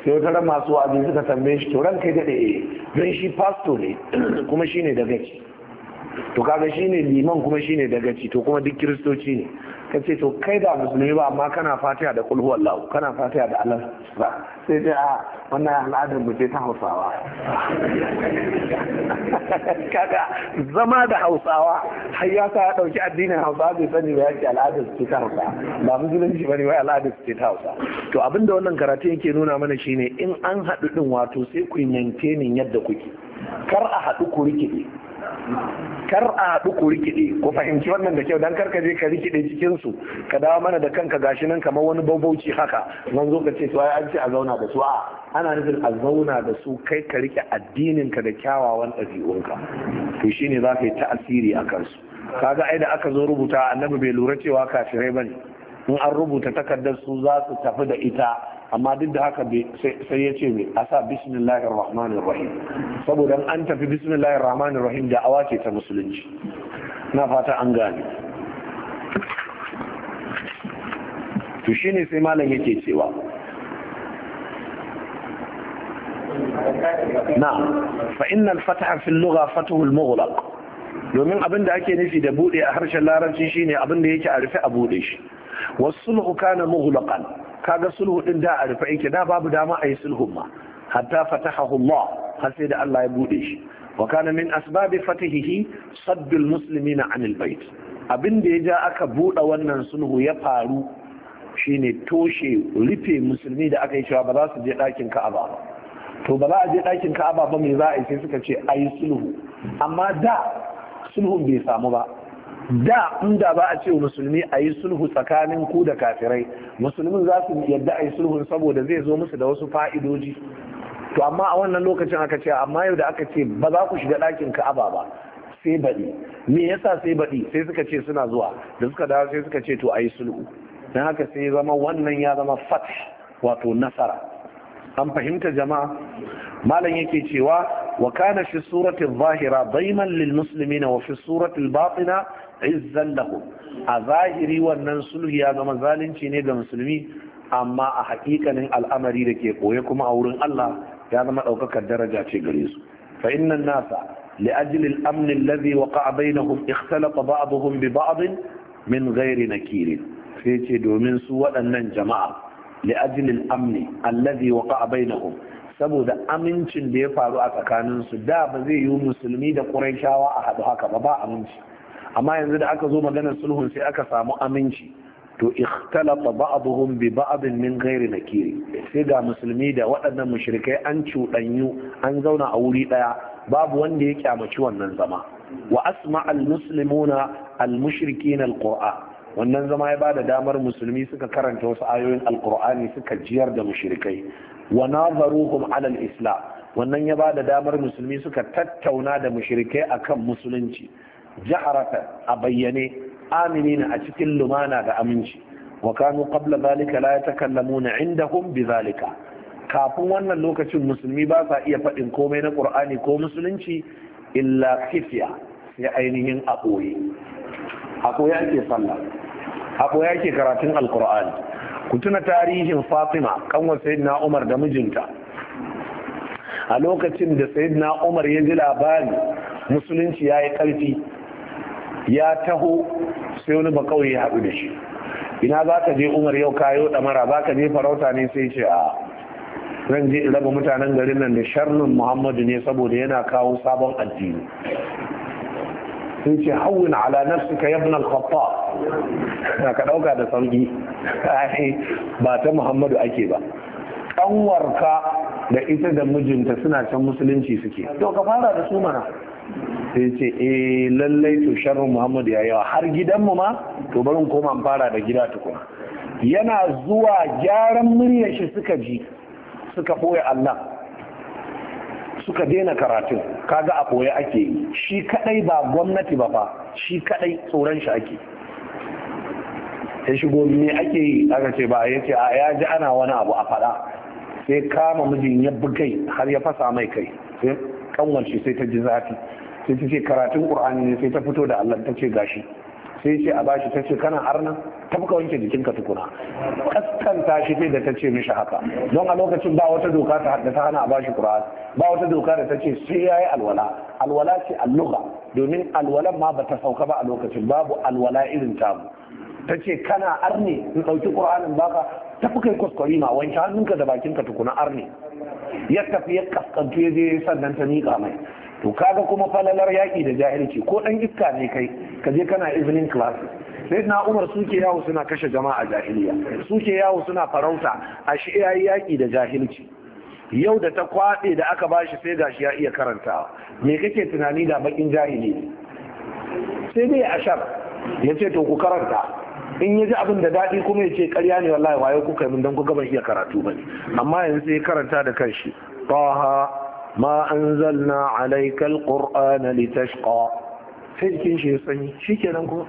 sai wata ran masu wa'azi suka tambaye shi to kai da ɗaya eh, don shi fasto ne *clears throat* kuma shine gaci to kaga shine liman kuma shine gaci to kuma duk kiristoci ne ka ce to kai da musulmi ba amma kana fatiha da kulhu Allah kana fatiha da Allah ba sai dai a ah, wannan al'adar mu ce ta Hausawa *laughs* kaga zama da Hausawa har ya sa ya dauki addinin Hausawa bai sani ba yake al'adar ce ta Hausa ba musulunci bane wai al'adar ce ta Hausa to abinda wannan karatu yake nuna mana shine in an haɗu din wato sai ku yi ne yadda kuke kar a haɗu ku rikide kar a haɗu ku rikide ku fahimci wannan da kyau dan kar ka je ka rikide cikin su ka dawo mana da kanka gashi nan kamar wani babauci haka nan zo ka ce su ai an ce a zauna da su a ana nufin a zauna da su kai ka rike addinin ka da kyawawan ɗabi'unka to shine za ka yi ta'asiri a kansu kaga ai da aka zo rubuta annabi bai lura cewa kafirai bane in an rubuta takardar su za su tafi da ita amma duk da haka sai ya ce mai a sa bismillahir rahmanir rahim saboda an tafi bismillahir rahmanir rahim da awa ce ta musulunci na fata an gane to shine sai malam yake cewa na fa innal fataha fil lugha al mughlaq domin abin da ake nufi da bude a harshen larabci shine abin da yake a rufe a bude shi wasu kana mughlaqan kaga sulhu din da a rufe yake da babu dama a yi sulhun ma hatta fatahahu Allah har sai da Allah ya bude shi wa kana min asbabi fatihihi saddul muslimina anil bait abin da ya ja aka buɗe wannan sulhu ya faru shine toshe rufe musulmi da aka yi cewa ba za su je ɗakin Ka'aba ba to ba za a je ɗakin Ka'aba ba me za a yi sai suka ce ayi sulhu amma da sulhun bai samu ba da inda ba a ce musulmi a yi sulhu tsakanin ku da kafirai musulmin za su yadda a yi sulhun saboda zai zo musu da wasu fa'idoji to amma a wannan lokacin aka ce amma yau da aka ce ba za ku shiga ɗakin ka'aba ba sai baɗi me yasa sai baɗi sai suka ce suna zuwa da suka dawo sai suka ce to a yi sulhu don haka sai ya zama wannan ya zama fat wato nasara an fahimta jama'a malam yake cewa wa kana fi suratul zahira bayman lil muslimina wa fi suratul batina izzan lahum a zahiri wannan sulhu ya zama zalunci ne ga musulmi amma a hakikanin al'amari da ke koye kuma a wurin Allah ya zama ɗaukakar daraja ce gare su fa innan nasa لأجل الأمن الذي وقع بينهم Min بعضهم ببعض من غير sai ce domin su waɗannan jama'a, لأجل الأمن الذي وقع بينهم saboda amincin da ya faru a tsakaninsu da ba zai yi musulmi da ƙurayshawa a haɗu haka ba ba aminci amma yanzu da aka zo maganar sulhun sai aka samu aminci to ikhtalata ba'dhum bi ba'din min ghairi nakiri sai ga musulmi da waɗannan mushrikai an cuɗanyu an zauna a wuri ɗaya babu wanda ya kyamaci wannan zama wa asma al muslimuna al mushrikin al qur'an wannan zama ya bada damar musulmi suka karanta wasu ayoyin alqur'ani suka jiyar da mushrikai wa nazaruhum ala al islam wannan ya bada damar musulmi suka tattauna da mushrikai akan musulunci jaharata a bayyane aminina a cikin lumana da aminci wa kanu qabla zalika la inda indahum bi zalika kafin wannan lokacin musulmi ba sa iya faɗin komai na qur'ani ko musulunci illa kifiya ya ainihin a ɓoye a ake sallah a ake karatun alqur'ani ku tuna tarihin fatima kanwar sayyidina umar da mijinta a lokacin da sayyidina umar ya ji labari musulunci ya yi ƙarfi ya taho sai wani bakauye ya haɗu da shi ina za ka je umar yau kayo ɗamara za ka je farauta ne sai ce a zan je in raba mutanen garin nan da sharnin muhammadu ne saboda yana kawo sabon addini sun ce hawin ala nafsika ka bunal khatta na ka ɗauka da sauki ba ta muhammadu ake ba ƙanwarka da ita da mijinta suna can musulunci suke to ka fara da su mana sai ce e lallai to sharrin muhammadu ya yawa har gidanmu ma to barin koma fara da gida tukuna yana zuwa gyaran muryar shi suka ji suka boye allah suka daina karatun kaga a boye ake yi shi kadai ba gwamnati ba fa shi kadai tsoron shi ake ya shigo me ake yi aka ce ba ya ce a ya ji ana wani abu a faɗa sai kama mijin ya bugai har ya fasa mai kai kanwance sai ta ji zafi sai ta ce karatun qur'ani ne sai ta fito da Allah ta ce gashi sai ce a bashi ta ce kana arna fuka wanke jikinka tukuna kaskanta shi sai da ta ce mishi haka don a lokacin ba wata doka ta hada hana a bashi qur'ani ba wata doka da ta ce sai yayi alwala alwala ce alluga domin alwalan ma ba ta sauka ba a lokacin babu alwala irin tamu ta ce kana arne in ɗauki ƙur'anin baka tafi kai kwaskwari ma wanke hannunka da bakinka tukuna arne ya tafi ya kaskantu ya je sannan ta miƙa mai to kaga kuma falalar yaƙi da jahilci ko ɗan iska ne kai ka je kana evening class sai na umar suke yawo suna kashe jama'a jahiliya suke yawo suna farauta a shi yayi yaƙi da jahilci yau da ta kwaɗe da aka bashi sai gashi ya iya karantawa me kake tunani da bakin jahili sai dai ashar ya ce to ku karanta in ya ji abin da daɗi kuma ya ce karya ne wallahi wayo kuka yi min don kuka ban iya karatu ba amma yanzu sai karanta da kanshi taha ma anzalna alaikal alqur'ana litashqa sai jikin shi ya sanyi shikenan ko?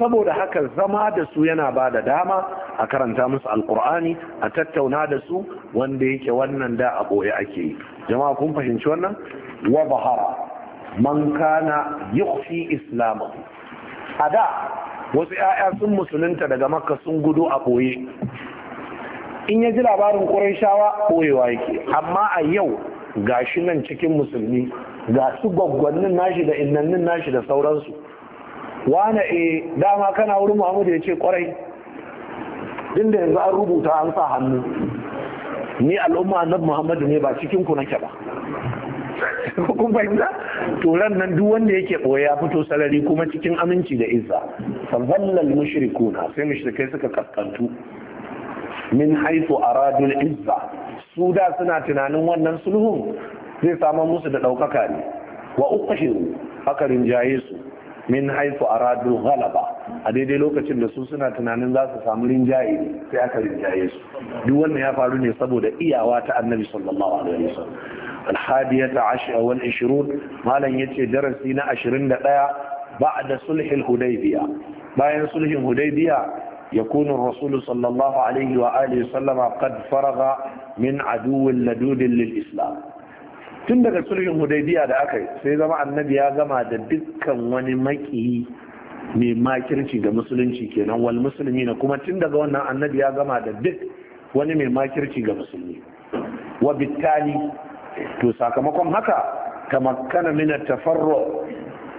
saboda haka zama da su yana ba da dama a karanta musu alkur'ani a tattauna da su wanda yake wannan da a ɓoye ake yi jama'a kun fahimci wannan wa bahara man kana yukhfi islamu a da wasu 'ya'ya sun musulunta daga makka sun gudu a ɓoye in ya ji labarin shawa, ɓoyewa yake amma a yau ga shi nan cikin musulmi ga su gwaggwannin nashi da innannin nashi da sauransu wane e dama kana wurin muhammadu ya ce ƙwarai din da yanzu an rubuta an sa hannu ni al'umma annab muhammadu ne ba cikin ku nake ba *laughs* kun fahimta to nan duk wanda yake boye ya fito salari kuma cikin aminci da izza fa zallal mushrikuna sai mushrikai suka kaskantu min haifu aradul izza su da suna tunanin wannan sulhun zai samar musu da ɗaukaka ne wa uqashiru haka rinjaye su min haifu aradul ghalaba a daidai lokacin da su suna tunanin za su samu rinjaye sai aka rinjaye su duk wannan ya faru ne saboda iyawa ta annabi sallallahu alaihi wasallam الحادية عشر والعشرون ما لن يتي درسين عشرين دقاء بعد صلح الهديبية بعد صلح الهديبية يكون الرسول صلى الله عليه وآله وسلم قد فرغ من عدو لدود للإسلام tun daga sulhin hudaybiya da aka yi sai zama annabi ya gama da dukkan wani maki mai makirci ga musulunci kenan wal musulmi na kuma tun daga wannan annabi ya gama da duk wani mai makirci ga musulmi wa bittali to sakamakon haka kama kana at tafarro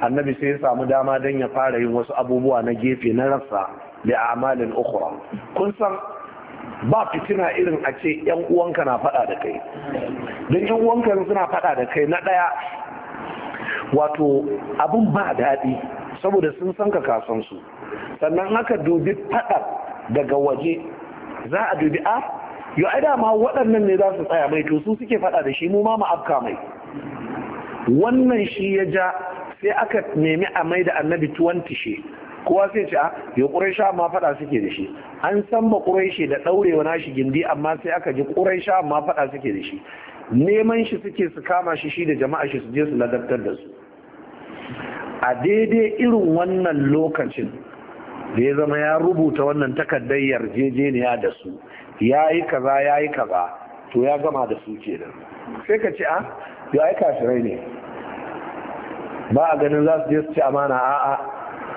annabi sai ya samu dama don ya fara yin wasu abubuwa na gefe na rasa da amalin ukura kun san ba fitina irin a ce yan uwanka na fada da kai don yan uwanka suna fada da kai na daya wato abin ba daɗi saboda sun san ka kasan su sannan haka dubi fadar daga waje za a dubi a yau ai dama waɗannan ne za su tsaya mai to su suke faɗa da shi mu ma mu afka mai wannan shi ya ja sai aka nemi a mai da annabi tuwon tishe kowa sai ce a ah, ya ƙuraisha ma faɗa suke da shi an san ba ƙuraishe da ɗaurewa nashi gindi amma sai aka ji ƙuraisha ma faɗa suke da shi neman shi suke su kama shi shi da jama'a shi su je su ladabtar da su a daidai irin wannan lokacin da ya zama ya rubuta wannan takardar yarjejeniya da su ya yi kaza ya yi kaza to ya gama da su sai ka ce a ah, ya ai kafirai ne ba a ganin za su je su ci amana a'a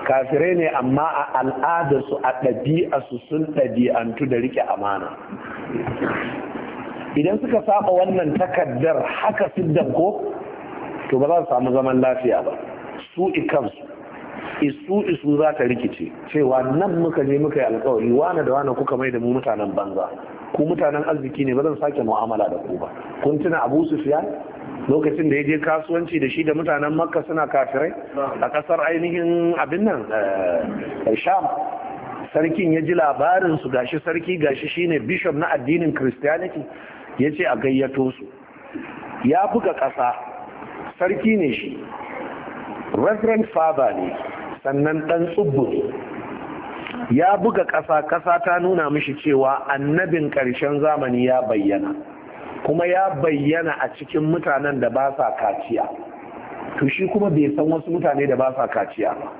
kafirai ne amma a su a su sun ɗabi'antu da rike amana idan suka saba wannan takardar haka su ko to ba za su samu zaman lafiya ba su ikansu isu isu za ta rikice cewa nan muka je muka yi alkawari wane da wane kuka mai da mu mutanen banza ku mutanen arziki ne ba zan sake mu'amala da ku ba kun tuna abu sufiyan lokacin da ya je kasuwanci da shi da mutanen makka suna kafirai a kasar ainihin abin nan eh, sham sarkin ya ji labarin su gashi sarki gashi shine bishop na addinin christianity ya ce a gayyato su ya buga ƙasa sarki ne shi reverend father ne sannan ɗan tsubbu ya buga ƙasa ƙasa ta nuna mishi cewa annabin ƙarshen zamani ya bayyana kuma ya bayyana a cikin mutanen da ba sa kaciya to shi kuma bai san wasu mutane da ba sa kaciya ba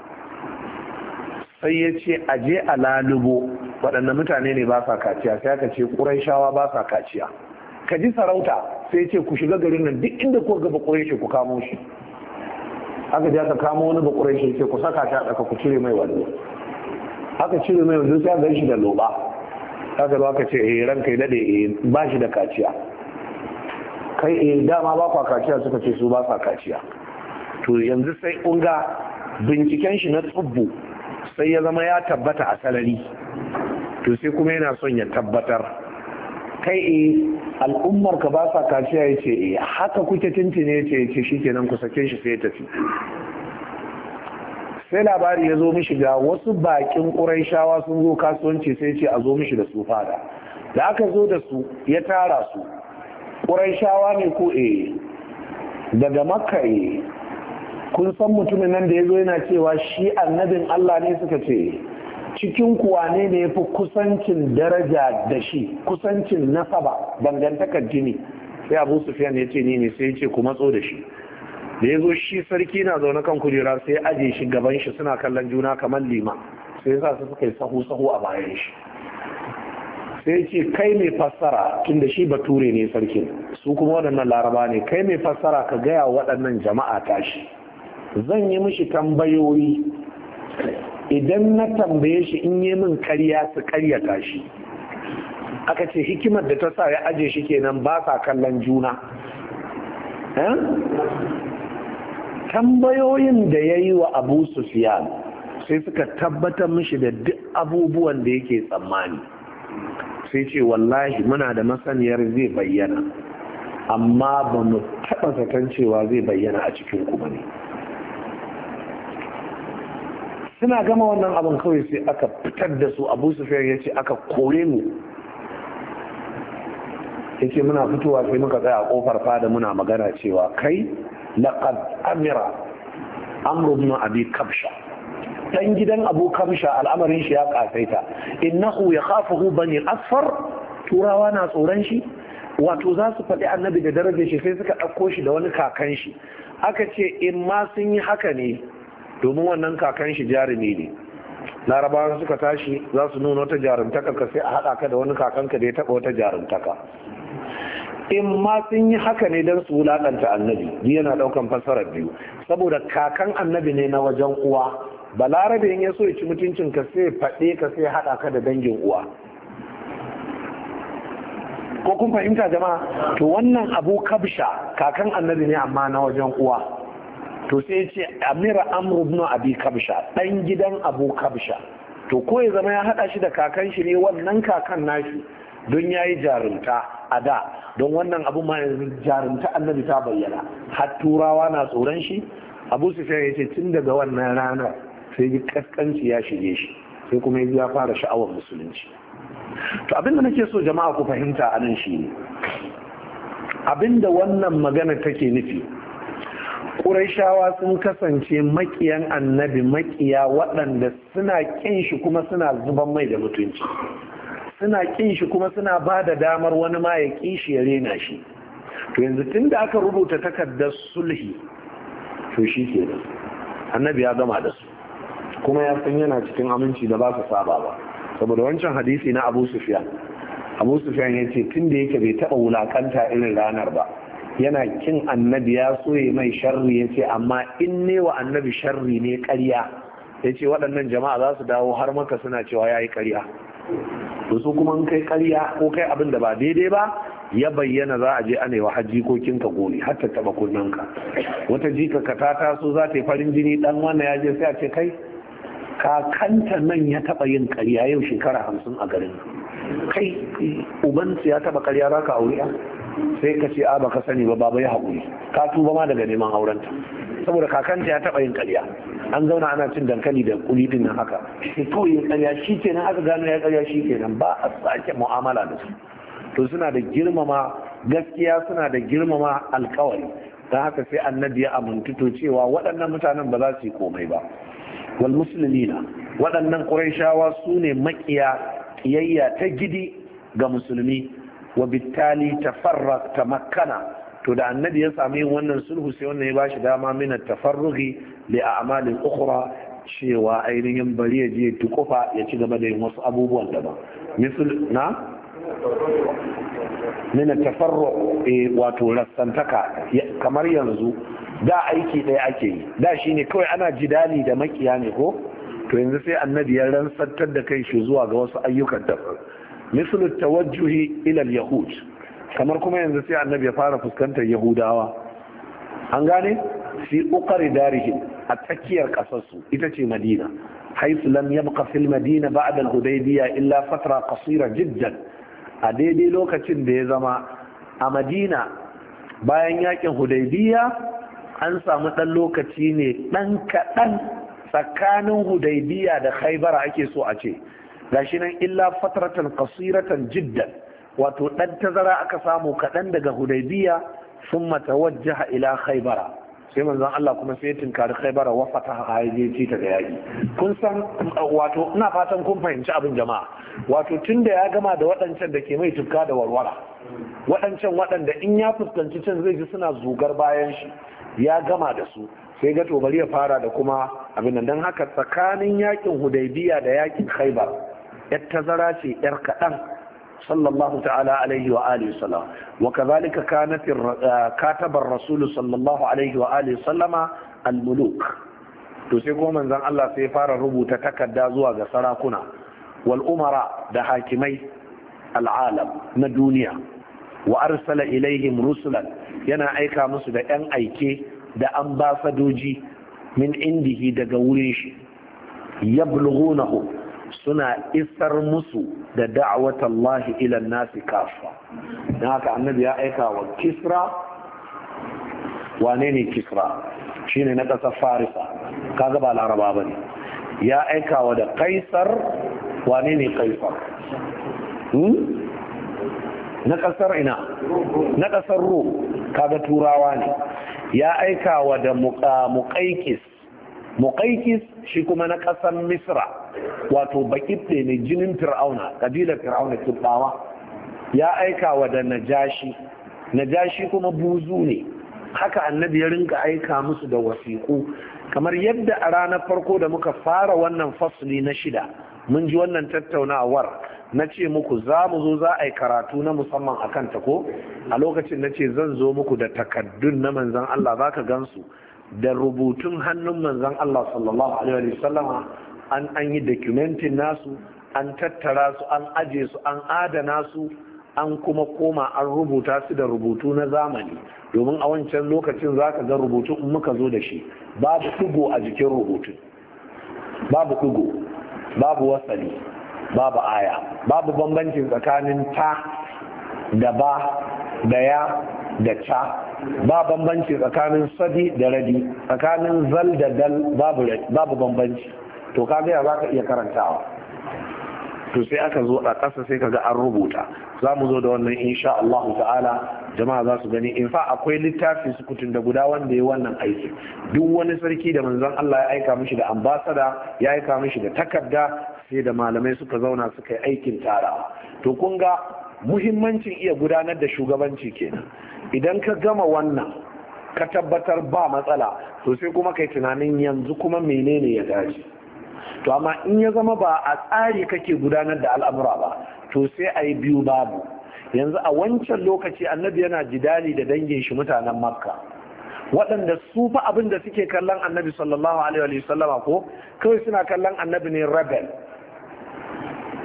sai ya ce a je a lalubo waɗanda mutane ne ba sa kaciya sai aka ce ƙuraishawa ba sa kaciya ka ji sarauta sai ce ku shiga garin nan duk inda ku gaba shi ku kamo shi aka ja ka kama wani bakurai shi ce ku saka shi a ku cire mai wando aka cire mai wani sai gan shi da loba aka ba ka ce eh ranka dade eh ba shi da kaciya kai eh dama ba kwa kaciya suka ce su ba sa kaciya to yanzu sai kun binciken shi na tsubbu sai ya zama ya tabbata a salari to sai kuma yana son ya tabbatar kai e al'ummar ka ba sa kaciya ya ce e haka kuke tintine ya ce ya ce shikenan ku sake shi sai ya tafi sai labari ya zo mishi ga wasu bakin shawa sun zo kasuwanci sai ce a zo mishi da su fada da aka zo da su ya tara su shawa ne ko e daga makka e kun san mutumin nan da ya zo yana cewa shi annabin allah ne suka ce cikin kuwane ne ya fi kusancin daraja da shi kusancin nasaba bangantakar jini sai abu sufiyan ya ce ni ne sai ya ce ku matso da shi da ya zo shi sarki na zaune kan kujera sai ya aje shi gaban shi suna kallon juna kamar lima sai ya sa su suka yi sahu sahu a bayan shi sai ya ce kai mai fassara tunda shi bature ne sarkin su kuma waɗannan laraba ne kai mai fassara ka gaya waɗannan jama'a tashi zan yi mishi tambayoyi idan na tambaye shi in yi min karya su karyata shi aka ce hikimar da ta sa ya aje shi kenan ba sa kallon juna eh? tambayoyin da ya yi wa abu sufiyan sai suka tabbatar mishi da duk abubuwan da yake tsammani sai ce wallahi muna da masaniyar zai bayyana amma ba mu taɓa zaton cewa zai bayyana a cikin kuma ne suna gama wannan abin kawai sai aka fitar da su abu sufiyar ya ce aka kore mu ya muna fitowa sai muka tsaya a kofar fada muna magana cewa kai laqad amira amru ibn abi kabsha dan gidan abu kabsha al'amarin shi ya kasaita innahu yakhafuhu bani asfar turawa na tsoron shi wato za su faɗi annabi da darajar shi sai suka ɗauko shi da wani kakan shi aka ce in ma sun yi haka ne domin wannan kakan shi jarumi ne larabawa suka tashi za su nuna wata jarumtaka ka sai a haɗa ka da wani kakanka da ya taɓa wata jarumtaka in ma sun yi haka ne don su wulaƙanta annabi ni yana ɗaukan fassarar biyu saboda kakan annabi ne na wajen uwa balarabe in ya so ya ci mutuncin ka sai faɗe ka sai haɗa ka da dangin uwa ko kun fahimta jama'a to wannan abu kabsha kakan annabi ne amma na wajen uwa to sai ce amira amru ibn abi kabsha dan gidan abu kabsha to ko ya zama ya hada shi da kakan shi ne wannan kakan nashi don ya yi jarumta a da don wannan abu ma yanzu jarumta annabi ta bayyana har turawa na tsoron shi abu su ya ce tun daga wannan ranar sai yi kaskanci ya shige shi sai kuma ya fara sha'awar musulunci to abin da nake so jama'a ku fahimta anan nan shi ne abin da wannan magana take nufi ƙuraishawa sun kasance makiyan annabi makiya waɗanda suna ƙin shi kuma suna zuban mai da mutunci suna ƙin shi kuma suna ba da damar wani ma ya ƙi shi ya rena shi to yanzu tun da aka rubuta takardar sulhi to shi ke da annabi ya gama da su kuma ya san yana cikin aminci da ba su saba ba saboda wancan hadisi na abu sufyan abu sufyan ya ce tun da yake bai taɓa wulaƙanta irin ranar ba yana kin annabi ya so mai sharri ya ce amma in ne wa annabi sharri ne ƙarya ya ce waɗannan jama'a za su dawo har maka suna cewa ya yi ƙarya su kuma in kai ƙarya ko kai abin da ba daidai ba ya bayyana za a je ana yi wa hajjikokin ka goni, har ta taɓa ka. wata jika ka ta taso za ta yi farin jini ɗan wannan ya je sai a ce kai kakanta nan ya taɓa yin ƙarya yau shekara hamsin a garin kai ubansu ya taɓa ƙarya za ka aure sai ka ce a ka sani ba baba ya haƙuri ka tuba ma daga neman aurenta saboda kakanta ya taɓa yin ƙarya an zauna ana cin dankali da kuli din nan haka shi to yin ƙarya shi nan aka gano ya ƙarya shi nan ba a sake mu'amala da su to suna da girmama gaskiya suna da girmama alƙawari don haka sai annabi ya amintu to cewa waɗannan mutanen ba za su yi komai ba wal musulmina waɗannan ƙurayshawa su ne maƙiya ƙiyayya ta gidi ga musulmi wa bittali ta makana, to da annabi ya sami wannan sulhu sai wannan ya ba shi dama mina tafarrugi li a'malin ukhra cewa ainihin bari ya je tukufa ya ci gaba da yin wasu abubuwan daban misal na mina e eh, wato rassantaka kamar yanzu da aiki ɗaya ake yi da shine kawai ana jidali da makiya ne ko to yanzu sai annabi ya rantsantar da kai shi zuwa ga wasu ayyukan daban mislu tawajjuhi ila yahud kamar kuma yanzu sai annabi ya fara fuskantar yahudawa an gane fi uqari darihim a tsakiyar kasarsu ita ce madina haisu lam yabqa fil madina ba'da al illa fatra qasira jiddan a daidai lokacin da ya zama a madina bayan yakin hudaybiyya an samu dan lokaci ne dan kaɗan tsakanin hudaidiya da haibara ake so a ce gashi nan illa fatratan qasiratan jiddan wato dan tazara aka samu kaɗan daga hudaybiya mata tawajjaha ila khaybara sai manzon Allah kuma sai tinkari khaybara wa fataha ya ta da kun san wato ina fatan kun fahimci abin jama'a wato tunda ya gama da waɗancan da ke mai tukka da warwara waɗancan waɗanda in ya fuskanci can zai ji suna zugar bayan shi ya gama da su sai ga to bari ya fara da kuma abin nan don haka tsakanin yakin hudaybiya da yakin khaybar yar tazara ce yar kaɗan sallallahu ta'ala alaihi wa alihi sallam wa kazalika kanat eh, katabar rasul sallallahu alaihi wa alihi sallama al-muluk to sai kuma manzon Allah sai fara rubuta takarda zuwa ga sarakuna wal umara da hakimai al'alam na duniya wa arsala ilaihim rusulan yana aika musu da yan aike da ambasadoji min indihi daga wurin shi yablughunahum suna isar musu da da'awat Allah ila nasi kafa don haka annabi ya aika wa kisra wane ne kisra shine na ƙasar farisa Ka gaba laraba ba ne ya aika wa da kaisar wane ne kaisar hmm? na ƙasar ina na ƙasar rom kaga turawa ne ya aika wa da muƙaikis muqaykis shi kuma na ƙasar misra wato bakit ne jinin fir'auna ƙabilar fir'auna tubawa ya aika wa da najashi najashi kuma buzu ne haka annabi ya rinka aika musu da wasiƙu kamar yadda a ranar farko da muka fara wannan fasli na shida mun ji wannan tattaunawar na ce muku za mu zo za a yi karatu na musamman a kanta ko a lokacin na ce zan zo muku da takaddun na manzan Allah za ka su. da rubutun hannun manzon Allah sallallahu alaihi sallama an an yi dokumentin nasu an tattara su an aje su an adana su an kuma koma an rubuta su da rubutu na zamani domin a wancan lokacin za ka ga rubutu in muka zo da shi babu kugo a jikin rubutu babu kugo babu wasali babu aya babu bambancin tsakanin ta da ba da ya da ca ba bambanci tsakanin sadi da radi tsakanin zal da dal babu bambanci to kaga ya za ka iya karantawa to sai aka zo a ƙasa sai ka ga an rubuta za mu zo da wannan insha Allah ta'ala jama'a za su gani in fa akwai littafin sukutun da guda wanda ya wannan aiki duk wani sarki da manzon Allah ya aika mishi da ambasada ya aika mishi da takarda sai da malamai suka zauna suka yi aikin tara. to kun ga muhimmancin iya gudanar da shugabanci kenan idan ka gama wannan ka tabbatar ba matsala to sai kuma kai tunanin yanzu kuma menene ya dace to amma in ya zama ba a tsari kake gudanar da al'amura ba to sai a yi biyu babu yanzu a wancan lokaci annabi yana jidali da dangin shi mutanen makka waɗanda su fa abin da suke kallon annabi sallallahu alaihi sallama ko kawai suna kallon annabi ne rebel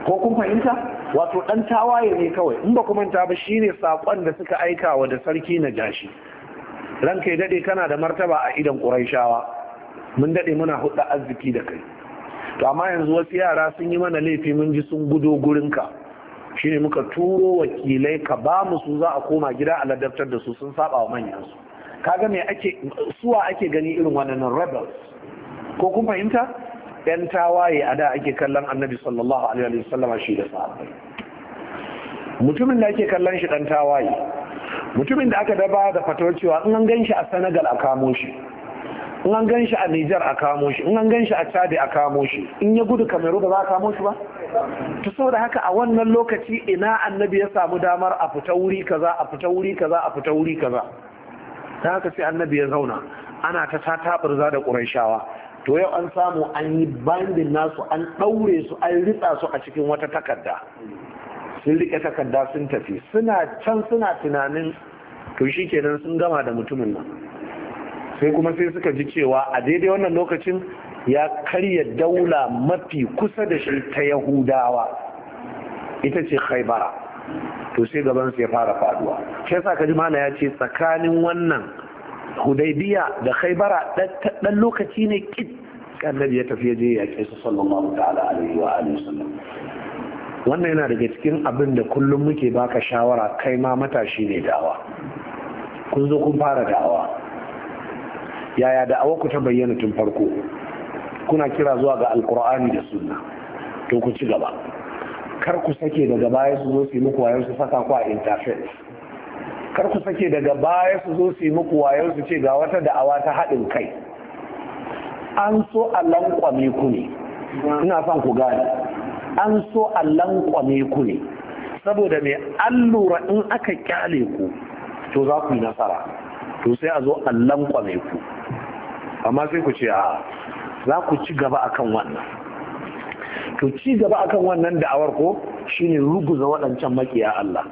ko kun fahimta wato ɗan tawaye ne kawai in ba ku manta ba shine sakon da suka aika wa da sarki na jashi ranka ya daɗe kana da martaba a idan quraishawa mun daɗe muna huɗa arziki da kai to amma yanzu wasu yara sun yi mana laifi mun ji sun gudo ka. shine muka turo wakilai ka ba mu su za a koma gida a ladabtar da su sun saba wa manyan su kaga me ake suwa ake gani irin wannan rebels ko kun fahimta yan tawaye a da ake kallon annabi sallallahu alaihi wa sallam shi da sahabbai mutumin da ake kallon shi dan tawaye mutumin da aka daba da fatal cewa in an ganshi a Senegal a kamo shi in an ganshi a Nijar a kamo shi in an ganshi a Chad a kamo shi in ya gudu Cameroon ba za a kamo shi ba ta saboda haka a wannan lokaci ina annabi ya samu damar a fita wuri kaza a fita wuri kaza a fita wuri kaza ta haka sai annabi ya zauna ana ta taburza da ƙurayshawa to yau an samu an yi bandin nasu an ɗaure su an ritsa su a cikin wata takarda sun riƙe takarda sun tafi suna can suna tunanin to shi kenan sun gama da mutumin nan sai kuma sai suka ji cewa a daidai wannan lokacin ya karya daula mafi kusa da shi ta yahudawa ita ce khaibara to sai su ya fara faduwa shi ka kaji mana ya ce tsakanin wannan hudaybiya da khaibara dan lokaci ne kit annabi ya tafi je ya kai su sallallahu ta'ala alaihi wa alihi sallam wannan yana daga cikin abin da kullum muke baka shawara kai ma matashi ne dawa kun zo kun fara da'awa yaya da'awa ku ta bayyana tun farko kuna kira zuwa ga alkur'ani da sunna to ku ci gaba kar ku sake daga baya su zo su yi muku wayan su saka ku a interface kar ku sake daga baya su zo su yi muku wayan su ce ga wata da'awa ta haɗin kai an so a lankwame ku ne ina son ku gane an so a lankwame ku ne saboda mai an lura in aka kyale ku to za ku yi nasara to sai a zo a lankwame ku amma sai ku ce a za ku ci gaba akan wannan to ci gaba akan wannan da'awar ko shine ruguza waɗancan makiya Allah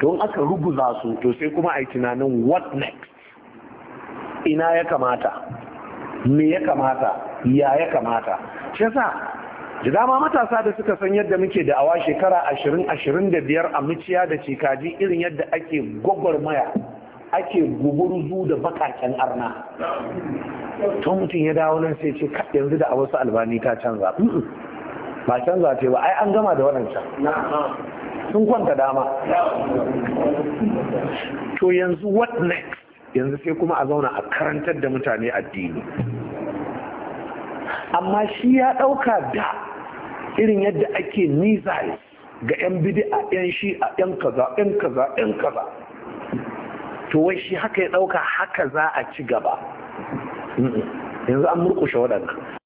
don aka ruguza su to sai kuma a yi tunanin what next ina ya kamata me ya kamata ya ya kamata shi yasa da dama matasa da suka san yadda muke da awa shekara ashirin ashirin da biyar a muciya da cikaji irin yadda ake gwagwarmaya ake gumurzu da bakaken arna to mutum ya dawo nan sai ce yanzu da a wasu albani ta canza ba canza ce ba ai an gama da waɗancan sun kwanta dama to yanzu what next yanzu sai kuma a zauna a karantar da mutane addini amma shi ya ɗauka da irin yadda ake nizai ga 'yan bidi'a 'yan a 'yan kaza 'yan kaza 'yan kaza to wai shi haka ya ɗauka haka za a ci gaba yanzu an murkushe waɗannan